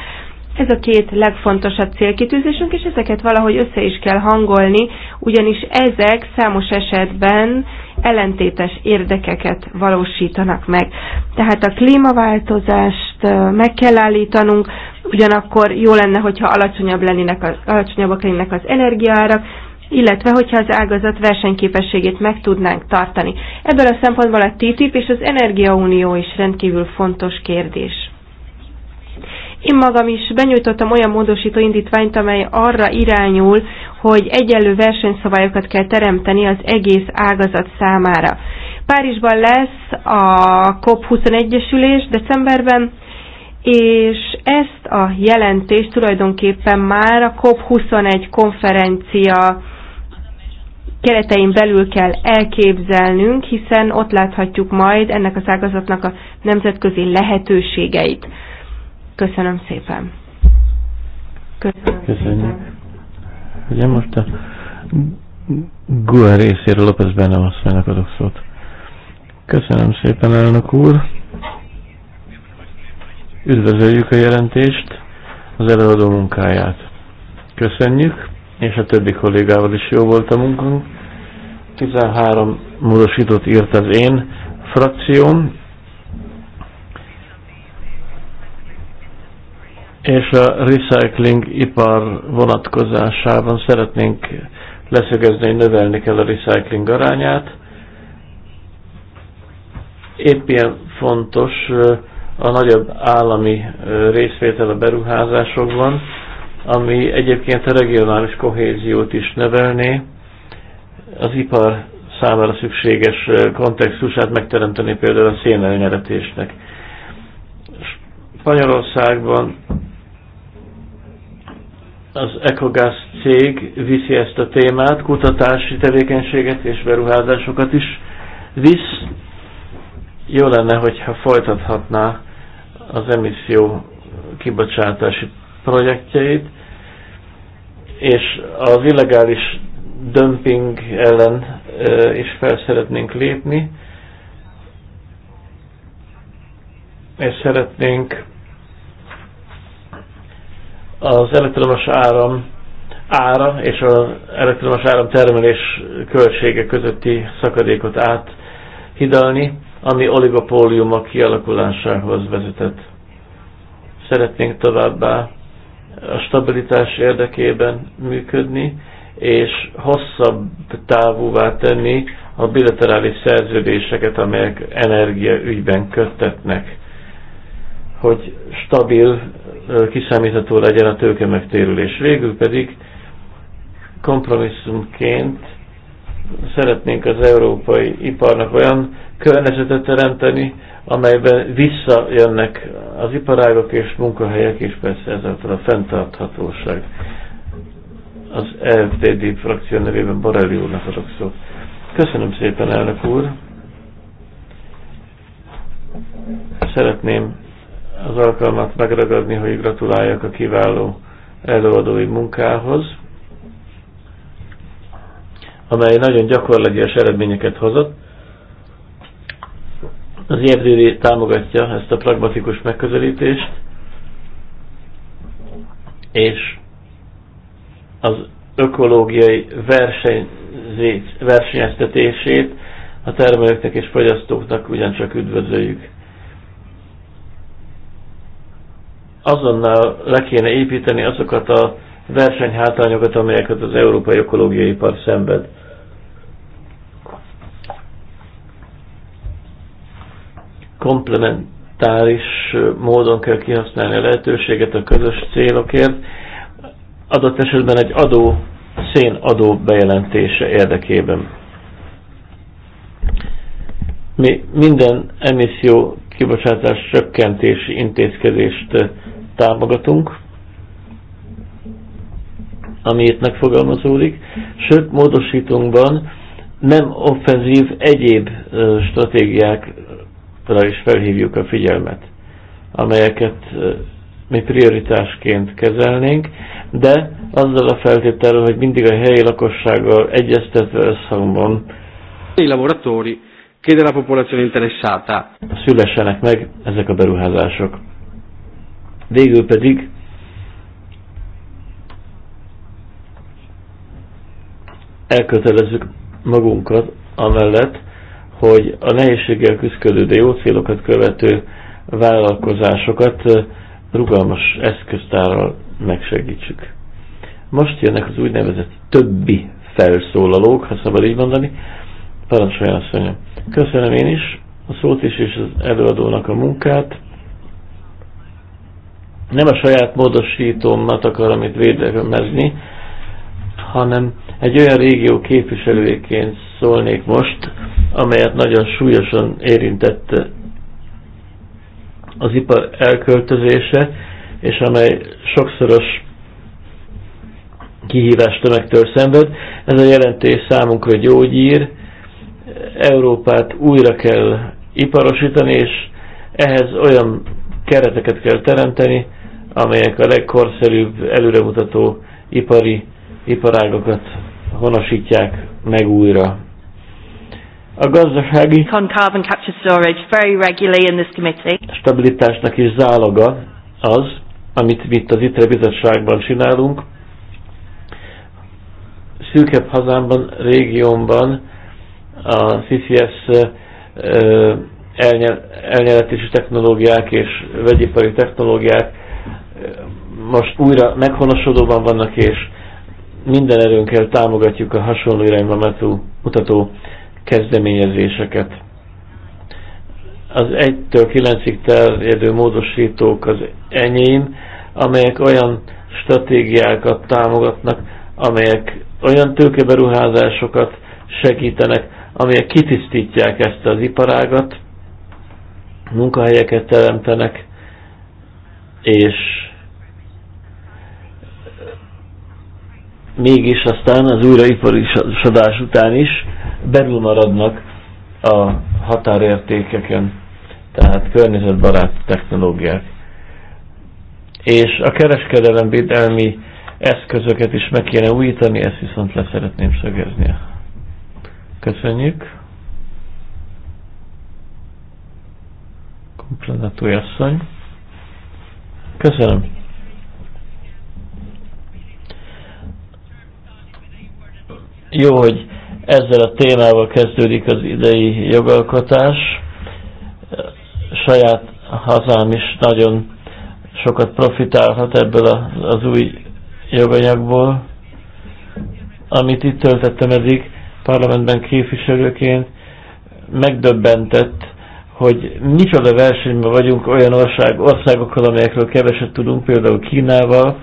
Ez a két legfontosabb célkitűzésünk, és ezeket valahogy össze is kell hangolni, ugyanis ezek számos esetben ellentétes érdekeket valósítanak meg. Tehát a klímaváltozást meg kell állítanunk, ugyanakkor jó lenne, hogyha alacsonyabb lennének az, alacsonyabbak lennének az energiárak, illetve hogyha az ágazat versenyképességét meg tudnánk tartani. Ebből a szempontból a TTIP és az Energiaunió is rendkívül fontos kérdés. Én magam is benyújtottam olyan módosító indítványt, amely arra irányul, hogy egyenlő versenyszabályokat kell teremteni az egész ágazat számára. Párizsban lesz a cop 21 esülés decemberben, és ezt a jelentést tulajdonképpen már a COP21 konferencia keretein belül kell elképzelnünk, hiszen ott láthatjuk majd ennek az ágazatnak a nemzetközi lehetőségeit. Köszönöm szépen. Köszönöm Köszönjük. Szépen. Ugye most a GUA részéről López Benne asszonynak adok szót. Köszönöm szépen, elnök úr. Üdvözöljük a jelentést, az előadó munkáját. Köszönjük és a többi kollégával is jó volt a munkánk. 13 módosítót írt az én frakcióm, és a recycling ipar vonatkozásában szeretnénk leszögezni, hogy növelni kell a recycling arányát. Épp ilyen fontos a nagyobb állami részvétel a beruházásokban, ami egyébként a regionális kohéziót is növelné, az ipar számára szükséges kontextusát megteremteni például a szénelnyeretésnek. Spanyolországban az Ecogas cég viszi ezt a témát, kutatási tevékenységet és beruházásokat is visz. Jó lenne, hogyha folytathatná az emisszió kibocsátási projektjeit, és az illegális dömping ellen is fel szeretnénk lépni, és szeretnénk az elektromos áram ára és az elektromos áram termelés költsége közötti szakadékot áthidalni, ami oligopóliumok kialakulásához vezetett. Szeretnénk továbbá a stabilitás érdekében működni, és hosszabb távúvá tenni a bilaterális szerződéseket, amelyek energiaügyben köttetnek, hogy stabil, kiszámítható legyen a tőke megtérülés. Végül pedig kompromisszumként szeretnénk az európai iparnak olyan környezetet teremteni, amelyben visszajönnek az iparágok és munkahelyek, és persze ezáltal a fenntarthatóság. Az EFDD frakció nevében Borelli úrnak adok szót. Köszönöm szépen, elnök úr! Szeretném az alkalmat megragadni, hogy gratuláljak a kiváló előadói munkához amely nagyon gyakorlatias eredményeket hozott. Az IFDD támogatja ezt a pragmatikus megközelítést, és az ökológiai versenyeztetését a termelőknek és fogyasztóknak ugyancsak üdvözöljük. Azonnal le kéne építeni azokat a versenyhátrányokat, amelyeket az európai ökológiai ipar szenved. komplementáris módon kell kihasználni a lehetőséget a közös célokért, adott esetben egy adó, szénadó bejelentése érdekében. Mi minden emisszió kibocsátás csökkentési intézkedést támogatunk, ami itt megfogalmazódik, sőt módosítunkban nem offenzív egyéb stratégiák is felhívjuk a figyelmet, amelyeket mi prioritásként kezelnénk, de azzal a feltétellel, hogy mindig a helyi lakossággal egyeztetve összhangban i lavoratori che della popolazione interessata. Szülessenek meg ezek a beruházások. Végül pedig elkötelezzük magunkat amellett, hogy a nehézséggel küzdködő, de jó célokat követő vállalkozásokat rugalmas eszköztárral megsegítsük. Most jönnek az úgynevezett többi felszólalók, ha szabad így mondani. Parancsoljon, asszonyom. Köszönöm én is a szót is és az előadónak a munkát. Nem a saját módosítómat akarom itt védelmezni, hanem egy olyan régió képviselőjeként szólnék most, amelyet nagyon súlyosan érintette az ipar elköltözése, és amely sokszoros kihívást tömegtől szenved. Ez a jelentés számunkra gyógyír, Európát újra kell iparosítani, és ehhez olyan kereteket kell teremteni, amelyek a legkorszerűbb, előremutató ipari iparágokat honosítják meg újra. A gazdasági carbon capture storage very regularly in this committee. stabilitásnak is záloga az, amit itt az ITRE bizottságban csinálunk. Szűkebb hazámban, régiónban a CCS elnyeletési technológiák és vegyipari technológiák most újra meghonosodóban vannak, és minden erőnkkel támogatjuk a hasonló irányba mutató kezdeményezéseket. Az 1-től 9-ig terjedő módosítók az enyém, amelyek olyan stratégiákat támogatnak, amelyek olyan tőkeberuházásokat segítenek, amelyek kitisztítják ezt az iparágat, munkahelyeket teremtenek, és mégis aztán az újraiparisodás után is belül maradnak a határértékeken, tehát környezetbarát technológiák. És a védelmi eszközöket is meg kéne újítani, ezt viszont szeretném szögezni. Köszönjük! Komplenatúj asszony! Köszönöm! Jó, hogy ezzel a témával kezdődik az idei jogalkotás. Saját hazám is nagyon sokat profitálhat ebből az új joganyagból, amit itt töltettem eddig parlamentben képviselőként, megdöbbentett, hogy micsoda versenyben vagyunk olyan ország, országokkal, amelyekről keveset tudunk, például Kínával,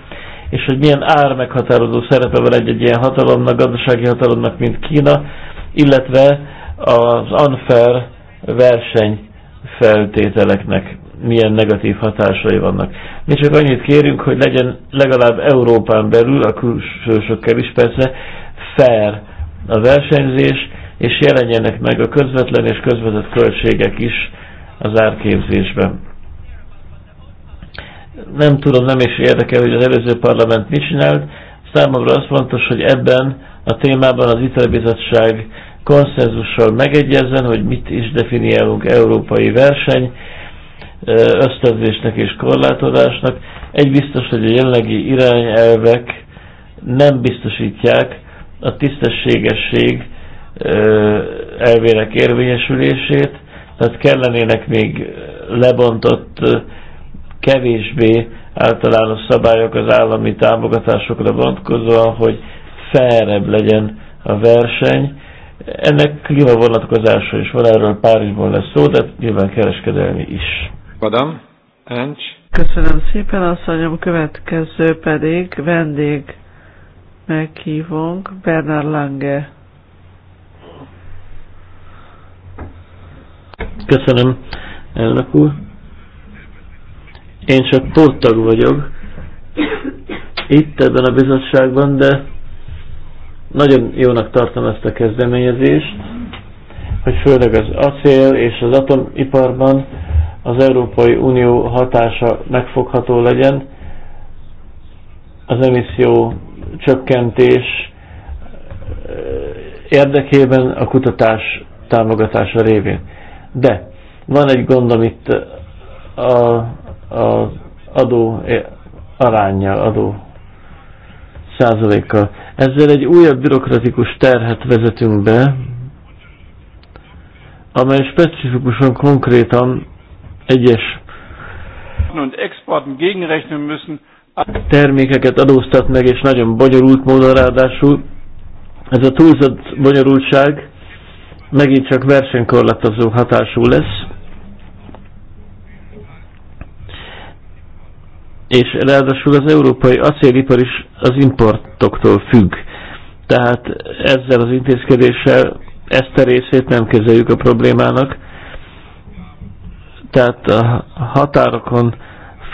és hogy milyen ár meghatározó szerepe van egy-egy ilyen hatalomnak, gazdasági hatalomnak, mint Kína, illetve az unfair verseny feltételeknek milyen negatív hatásai vannak. Mi csak annyit kérünk, hogy legyen legalább Európán belül, a külsősökkel is persze, fair a versenyzés, és jelenjenek meg a közvetlen és közvetett költségek is az árképzésben nem tudom, nem is érdekel, hogy az előző parlament mit csinált. Számomra az fontos, hogy ebben a témában az Italbizottság konszenzussal megegyezzen, hogy mit is definiálunk európai verseny, ösztönzésnek és korlátozásnak. Egy biztos, hogy a jelenlegi irányelvek nem biztosítják a tisztességesség elvének érvényesülését, tehát kellenének még lebontott kevésbé általános szabályok az állami támogatásokra vonatkozóan, hogy felrebb legyen a verseny. Ennek vonatkozása is van, erről Párizsban lesz szó, de nyilván kereskedelmi is. Adam, Encs. Köszönöm szépen, asszonyom, következő pedig vendég meghívunk, Bernard Lange. Köszönöm, elnök úr. Én csak póttag vagyok itt ebben a bizottságban, de nagyon jónak tartom ezt a kezdeményezést, hogy főleg az acél és az atomiparban az Európai Unió hatása megfogható legyen, az emisszió csökkentés eh, érdekében a kutatás támogatása révén. De van egy gondom itt a az adó aránya, adó százalékkal. Ezzel egy újabb bürokratikus terhet vezetünk be, amely specifikusan konkrétan egyes termékeket adóztat meg, és nagyon bonyolult módon ráadásul. Ez a túlzott bonyolultság megint csak versenykorlátozó hatású lesz, és ráadásul az európai acélipar is az importoktól függ. Tehát ezzel az intézkedéssel ezt a részét nem kezeljük a problémának. Tehát a határokon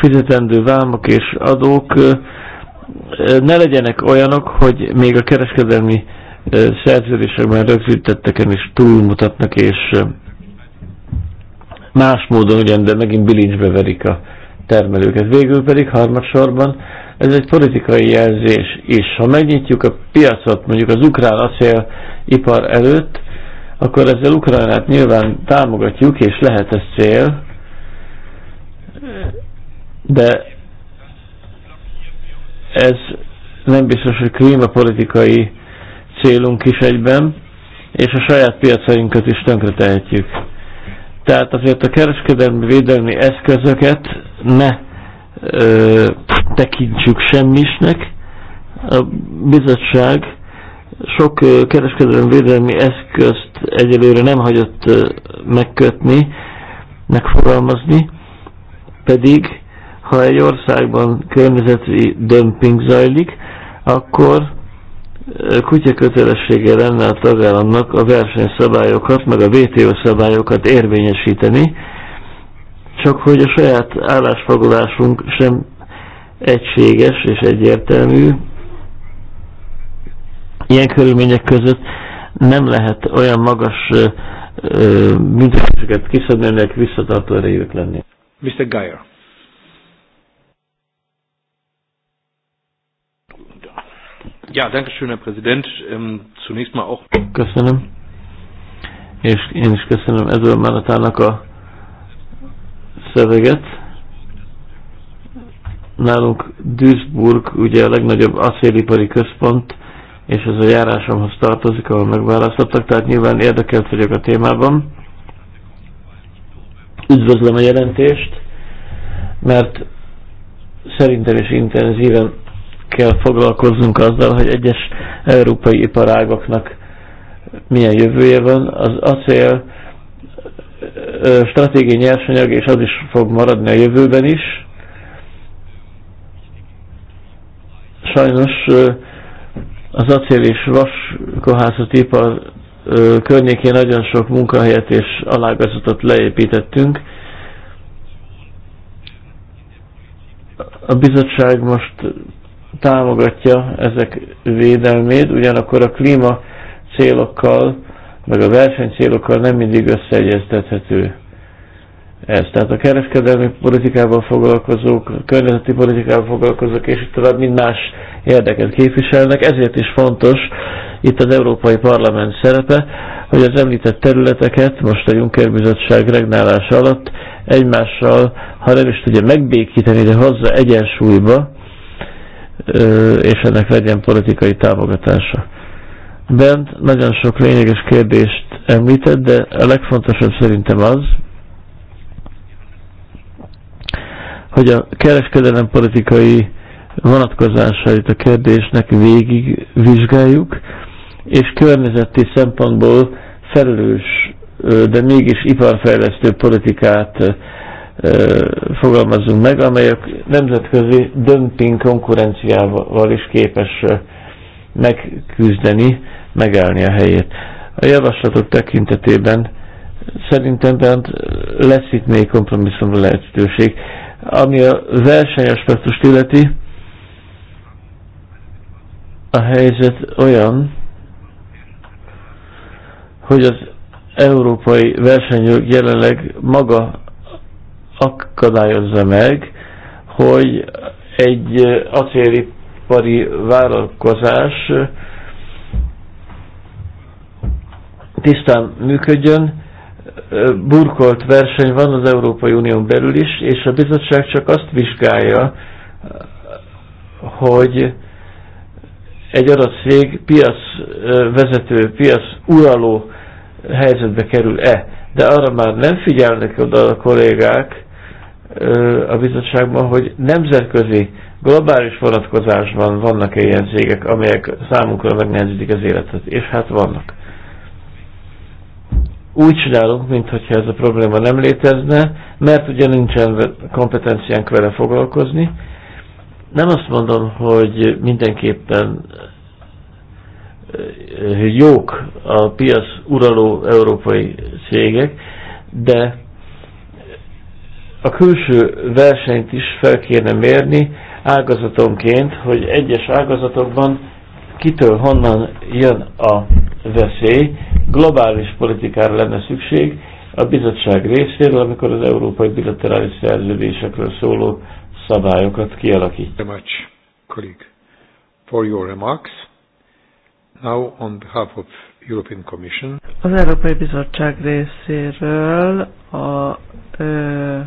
fizetendő vámok és adók ne legyenek olyanok, hogy még a kereskedelmi szerződésekben rögzítetteken is túlmutatnak, és más módon ugyan, de megint bilincsbe verik a termelőket. Végül pedig harmadsorban ez egy politikai jelzés is. Ha megnyitjuk a piacot mondjuk az ukrán acélipar előtt, akkor ezzel Ukrajnát nyilván támogatjuk, és lehet ez cél, de ez nem biztos, hogy klímapolitikai célunk is egyben, és a saját piacainkat is tönkretehetjük. Tehát azért a kereskedelmi védelmi eszközöket ne ö, tekintsük semmisnek. A bizottság sok kereskedelmi védelmi eszközt egyelőre nem hagyott megkötni, megfogalmazni, pedig ha egy országban környezeti dömping zajlik, akkor kutya kötelessége lenne a tagállamnak a versenyszabályokat, meg a WTO szabályokat érvényesíteni, csak hogy a saját állásfoglalásunk sem egységes és egyértelmű. Ilyen körülmények között nem lehet olyan magas büntetéseket kiszabni, aminek visszatartó erejük lenni. Mr. Geyer. Ja, danke schön, Herr Präsident. Ähm, zunächst mal auch. Köszönöm. És én is köszönöm ezzel Manatának a szöveget. Nálunk Duisburg ugye a legnagyobb acélipari központ, és ez a járásomhoz tartozik, ahol megválasztottak, tehát nyilván érdekelt vagyok a témában. Üdvözlöm a jelentést, mert szerintem is intenzíven kell foglalkoznunk azzal, hogy egyes európai iparágoknak milyen jövője van. Az acél stratégiai nyersanyag, és az is fog maradni a jövőben is. Sajnos az acél és kohászati ipar környékén nagyon sok munkahelyet és alágazatot leépítettünk. A bizottság most támogatja ezek védelmét, ugyanakkor a klíma célokkal meg a versenycélokkal nem mindig összeegyeztethető ez. Tehát a kereskedelmi politikával foglalkozók, a környezeti politikával foglalkozók, és itt tovább mind más érdeket képviselnek. Ezért is fontos itt az Európai Parlament szerepe, hogy az említett területeket most a Juncker Bizottság regnálása alatt egymással, ha nem is tudja megbékíteni, de hozza egyensúlyba, és ennek legyen politikai támogatása bent nagyon sok lényeges kérdést említett, de a legfontosabb szerintem az, hogy a kereskedelem politikai vonatkozásait a kérdésnek végig vizsgáljuk, és környezeti szempontból felelős, de mégis iparfejlesztő politikát fogalmazunk meg, amelyek nemzetközi dömping konkurenciával is képes megküzdeni, megállni a helyét. A javaslatok tekintetében szerintem lesz itt még kompromisszumra lehetőség. Ami a versenyaspektust illeti, a helyzet olyan, hogy az európai versenyjog jelenleg maga akadályozza meg, hogy egy acéli ipari vállalkozás tisztán működjön. Burkolt verseny van az Európai Unión belül is, és a bizottság csak azt vizsgálja, hogy egy adott cég piac vezető, piac uraló helyzetbe kerül-e. De arra már nem figyelnek oda a kollégák a bizottságban, hogy nemzetközi globális vonatkozásban vannak-e ilyen cégek, amelyek számunkra megnehezítik az életet? És hát vannak. Úgy csinálunk, mintha ez a probléma nem létezne, mert ugye nincsen kompetenciánk vele foglalkozni. Nem azt mondom, hogy mindenképpen eh, eh, jók a piac uraló európai cégek, de a külső versenyt is fel kéne mérni, ágazatonként, hogy egyes ágazatokban kitől honnan jön a veszély. Globális politikára lenne szükség a bizottság részéről, amikor az európai bilaterális szerződésekről szóló szabályokat kialakít. Much, colleague, for your remarks. Now on behalf of European Commission. Az Európai Bizottság részéről a ö,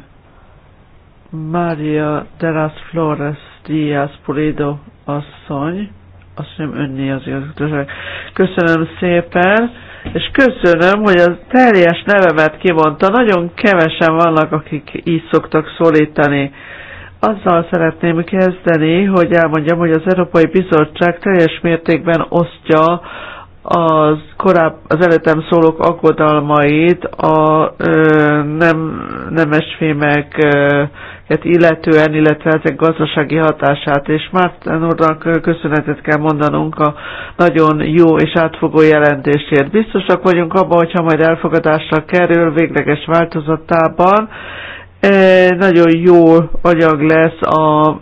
Mária Terász Flores Díaz Pulido asszony, azt nem önné az igazgatóság. Köszönöm szépen, és köszönöm, hogy a teljes nevemet kimondta. Nagyon kevesen vannak, akik így szoktak szólítani. Azzal szeretném kezdeni, hogy elmondjam, hogy az Európai Bizottság teljes mértékben osztja az korább, az előttem szólók aggodalmait a ö, nem, nemesfémek ö, illetően, illetve ezek gazdasági hatását, és Márten úrnak köszönetet kell mondanunk a nagyon jó és átfogó jelentésért. Biztosak vagyunk abban, hogyha majd elfogadásra kerül végleges változatában, nagyon jó anyag lesz a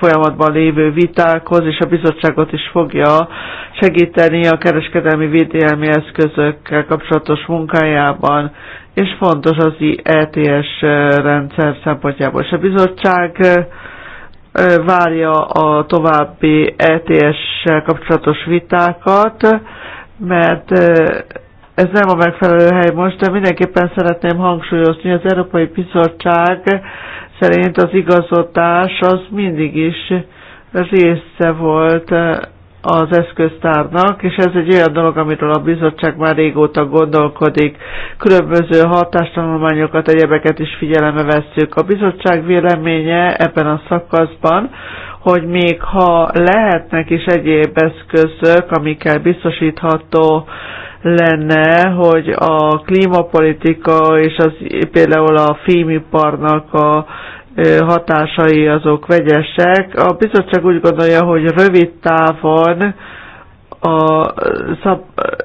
folyamatban lévő vitákhoz, és a bizottságot is fogja segíteni a kereskedelmi védelmi eszközökkel kapcsolatos munkájában, és fontos az ETS rendszer szempontjából. És a bizottság várja a további ETS-sel kapcsolatos vitákat, mert ez nem a megfelelő hely most, de mindenképpen szeretném hangsúlyozni, az Európai Bizottság szerint az igazodás az mindig is része volt az eszköztárnak, és ez egy olyan dolog, amiről a bizottság már régóta gondolkodik. Különböző hatástanulmányokat, egyebeket is figyelembe vesszük. A bizottság véleménye ebben a szakaszban hogy még ha lehetnek is egyéb eszközök, amikkel biztosítható lenne, hogy a klímapolitika és az, például a filmiparnak a hatásai azok vegyesek. A bizottság úgy gondolja, hogy rövid távon a szab-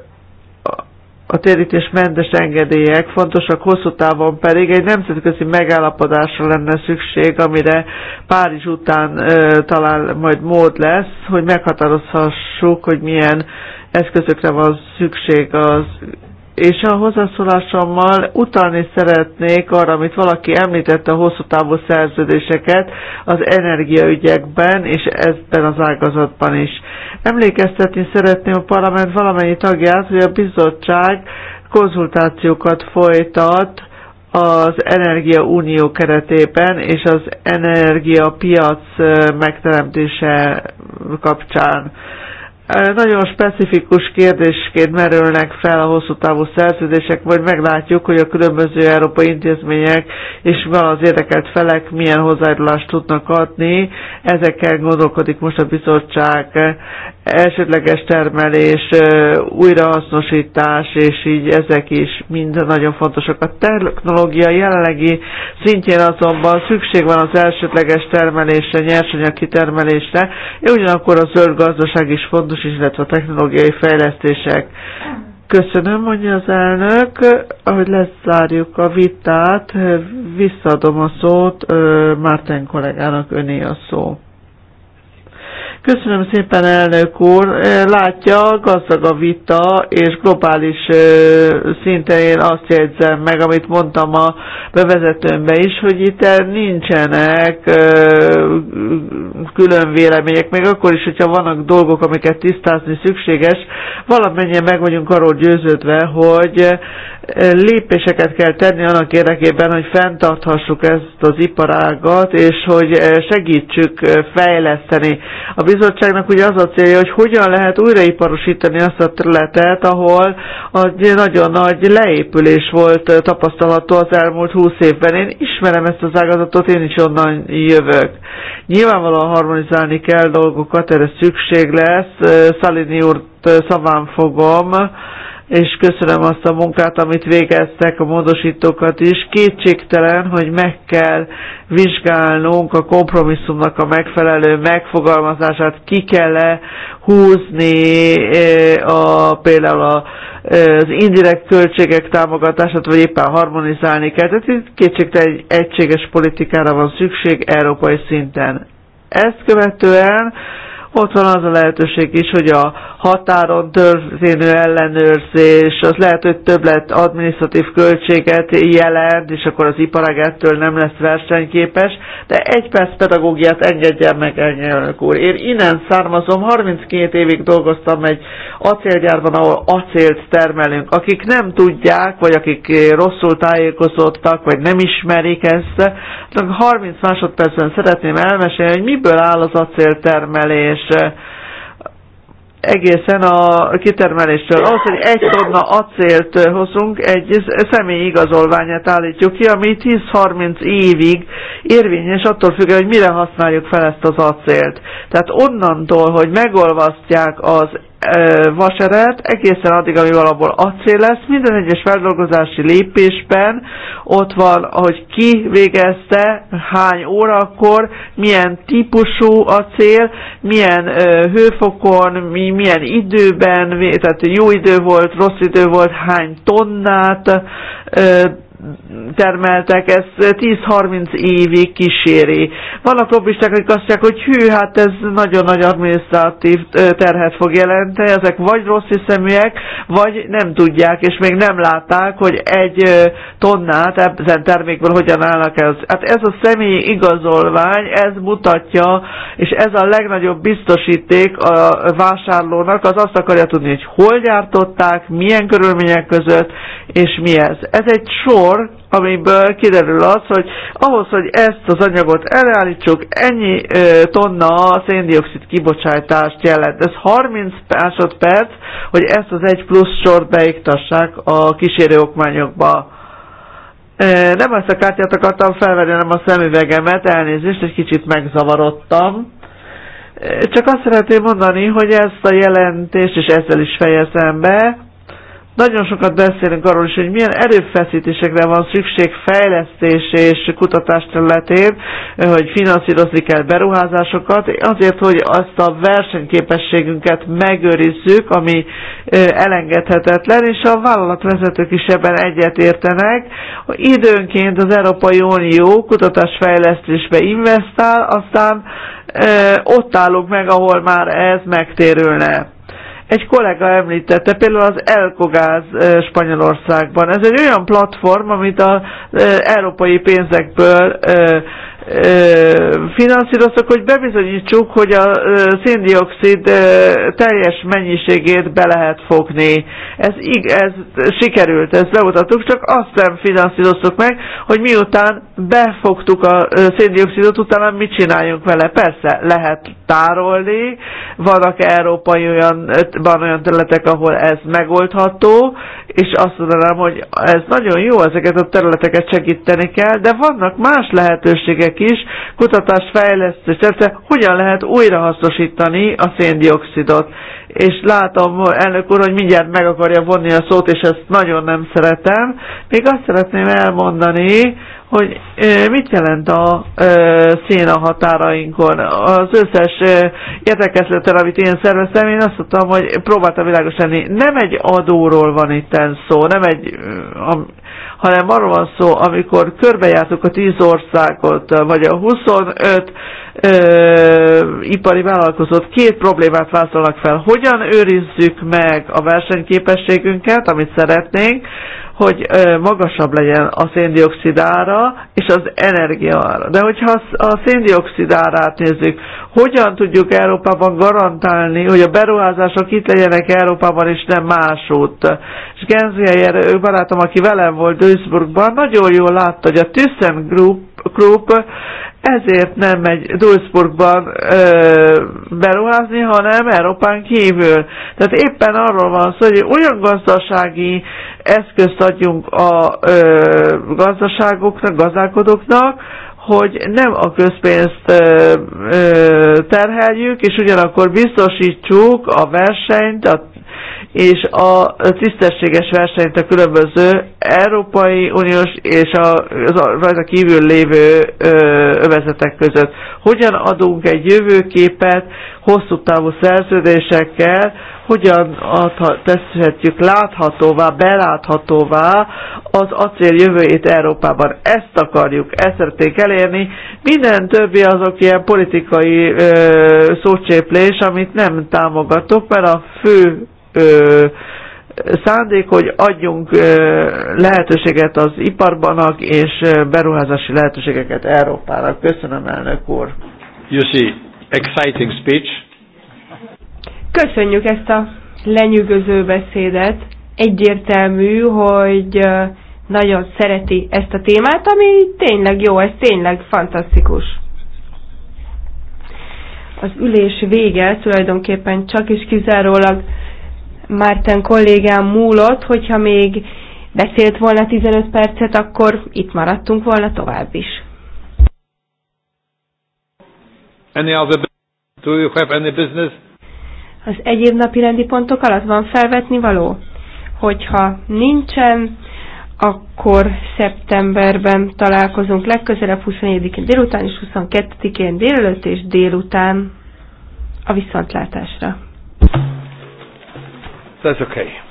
a térítésmentes engedélyek fontosak, hosszú távon pedig egy nemzetközi megállapodásra lenne szükség, amire Párizs után ö, talán majd mód lesz, hogy meghatározhassuk, hogy milyen eszközökre van szükség az és a hozzászólásommal utalni szeretnék arra, amit valaki említette a hosszú távú szerződéseket az energiaügyekben és ebben az ágazatban is. Emlékeztetni szeretném a parlament valamennyi tagját, hogy a bizottság konzultációkat folytat az Energia Unió keretében és az energiapiac megteremtése kapcsán nagyon specifikus kérdésként merülnek fel a hosszú távú szerződések, vagy meglátjuk, hogy a különböző európai intézmények és az érdekelt felek milyen hozzájárulást tudnak adni. Ezekkel gondolkodik most a bizottság elsődleges termelés, újrahasznosítás, és így ezek is mind nagyon fontosak. A technológia jelenlegi szintjén azonban szükség van az elsődleges termelésre, nyersanyag kitermelésre, ugyanakkor a zöld gazdaság is fontos, turizmus illetve a technológiai fejlesztések. Köszönöm, mondja az elnök. Ahogy lezárjuk a vitát, visszaadom a szót Márten kollégának, öné a szó. Köszönöm szépen, elnök úr. Látja, gazdag a vita, és globális szinten én azt jegyzem meg, amit mondtam a bevezetőmbe is, hogy itt nincsenek külön vélemények, még akkor is, hogyha vannak dolgok, amiket tisztázni szükséges, valamennyien meg vagyunk arról győződve, hogy lépéseket kell tenni annak érdekében, hogy fenntarthassuk ezt az iparágat, és hogy eh, segítsük eh, fejleszteni. A bizottságnak ugye az a célja, hogy hogyan lehet újraiparosítani azt a területet, ahol egy nagyon nagy leépülés volt eh, tapasztalható az elmúlt húsz évben. Én ismerem ezt az ágazatot, én is onnan jövök. Nyilvánvalóan harmonizálni kell dolgokat, erre szükség lesz. Szalini úrt szaván fogom, és köszönöm azt a munkát, amit végeztek a módosítókat is. Kétségtelen, hogy meg kell vizsgálnunk a kompromisszumnak a megfelelő megfogalmazását, ki kell -e húzni a, például a, e, az indirekt költségek támogatását, vagy éppen harmonizálni kell. Tehát itt kétségtelen egy egységes politikára van szükség európai szinten. Ezt követően ott van az a lehetőség is, hogy a határon történő ellenőrzés, az lehet, hogy többlet adminisztratív költséget jelent, és akkor az iparág ettől nem lesz versenyképes, de egy perc pedagógiát engedjen meg, elnök úr. Én innen származom, 32 évig dolgoztam egy acélgyárban, ahol acélt termelünk. Akik nem tudják, vagy akik rosszul tájékozottak, vagy nem ismerik ezt, 30 másodpercben szeretném elmesélni, hogy miből áll az acéltermelés egészen a kitermeléstől. Ahhoz, hogy egy tonna acélt hozunk, egy személyi igazolványát állítjuk ki, ami 10-30 évig érvényes attól függ, hogy mire használjuk fel ezt az acélt. Tehát onnantól, hogy megolvasztják az vaseret, egészen addig, amíg valahol acél lesz. Minden egyes feldolgozási lépésben ott van, hogy ki végezte, hány órakor, milyen típusú acél, milyen hőfokon, mi, milyen időben, tehát jó idő volt, rossz idő volt, hány tonnát termeltek, ez 10-30 évig kíséri. Vannak lobbisták, akik azt mondják, hogy hű, hát ez nagyon nagy adminisztratív terhet fog jelenteni, ezek vagy rossz hiszeműek, vagy nem tudják, és még nem látták, hogy egy tonnát ezen termékből hogyan állnak ez. Hát ez a személyi igazolvány, ez mutatja, és ez a legnagyobb biztosíték a vásárlónak, az azt akarja tudni, hogy hol gyártották, milyen körülmények között, és mi ez. Ez egy sor sor, amiből kiderül az, hogy ahhoz, hogy ezt az anyagot elállítsuk, ennyi tonna széndiokszid kibocsátást jelent. Ez 30 másodperc, hogy ezt az egy plusz sort beiktassák a kísérőokmányokba. Nem ezt a kártyát akartam felvenni, hanem a szemüvegemet, elnézést, egy kicsit megzavarodtam. Csak azt szeretném mondani, hogy ezt a jelentést, és ezzel is fejezem be, nagyon sokat beszélünk arról is, hogy milyen erőfeszítésekre van szükség fejlesztés és kutatás területén, hogy finanszírozni kell beruházásokat, azért, hogy azt a versenyképességünket megőrizzük, ami elengedhetetlen, és a vállalatvezetők is ebben egyetértenek. Időnként az Európai Unió kutatásfejlesztésbe investál, aztán ott állunk meg, ahol már ez megtérülne egy kollega említette például az Elkogáz Spanyolországban. Ez egy olyan platform, amit az európai pénzekből finanszíroztak, hogy bebizonyítsuk, hogy a széndiokszid teljes mennyiségét be lehet fogni. Ez, ez sikerült, ezt bemutattuk, csak azt nem finanszíroztuk meg, hogy miután befogtuk a széndiokszidot, utána mit csináljunk vele. Persze, lehet tárolni, vannak európai olyan, van olyan területek, ahol ez megoldható, és azt mondanám, hogy ez nagyon jó, ezeket a területeket segíteni kell, de vannak más lehetőségek cégek is, kutatást, fejlesztést, tette, hogyan lehet újrahasznosítani a széndiokszidot. És látom, elnök úr, hogy mindjárt meg akarja vonni a szót, és ezt nagyon nem szeretem. Még azt szeretném elmondani, hogy mit jelent a szén a határainkon. Az összes értekezleten, amit én szerveztem, én azt mondtam, hogy próbáltam világos lenni. Nem egy adóról van itt szó, nem egy hanem arról van szó, amikor körbejártuk a 10 országot, vagy a 25 ö, ipari vállalkozót, két problémát vázolnak fel. Hogyan őrizzük meg a versenyképességünket, amit szeretnénk, hogy magasabb legyen a széndiokszidára és az energiaára. De hogyha a széndiokszidárát nézzük, hogyan tudjuk Európában garantálni, hogy a beruházások itt legyenek Európában és nem másút? És ő barátom, aki velem volt Duisburgban, nagyon jól látta, hogy a Thyssen Group Group ezért nem megy Duisburgban beruházni, hanem Európán kívül. Tehát éppen arról van szó, hogy olyan gazdasági eszközt adjunk a ö, gazdaságoknak, gazdálkodóknak, hogy nem a közpénzt ö, ö, terheljük, és ugyanakkor biztosítsuk a versenyt, a és a tisztességes versenyt a különböző Európai Uniós és a, az a rajta kívül lévő ö, övezetek között. Hogyan adunk egy jövőképet hosszú távú szerződésekkel, hogyan teszhetjük láthatóvá, beláthatóvá az acél jövőjét Európában. Ezt akarjuk, ezt szeretnék elérni. Minden többi azok ilyen politikai ö, szócséplés, amit nem támogatok, mert a fő ö, szándék, hogy adjunk lehetőséget az iparbanak és beruházási lehetőségeket Európának. Köszönöm, elnök úr! see, exciting speech! Köszönjük ezt a lenyűgöző beszédet. Egyértelmű, hogy nagyon szereti ezt a témát, ami tényleg jó, ez tényleg fantasztikus. Az ülés vége tulajdonképpen csak is kizárólag Márten kollégám múlott, hogyha még beszélt volna 15 percet, akkor itt maradtunk volna tovább is. Any other, do you have any business? Az egyéb napi rendi pontok alatt van felvetni való? Hogyha nincsen, akkor szeptemberben találkozunk legközelebb 24-én délután és 22-én délelőtt és délután a viszontlátásra. That's okay.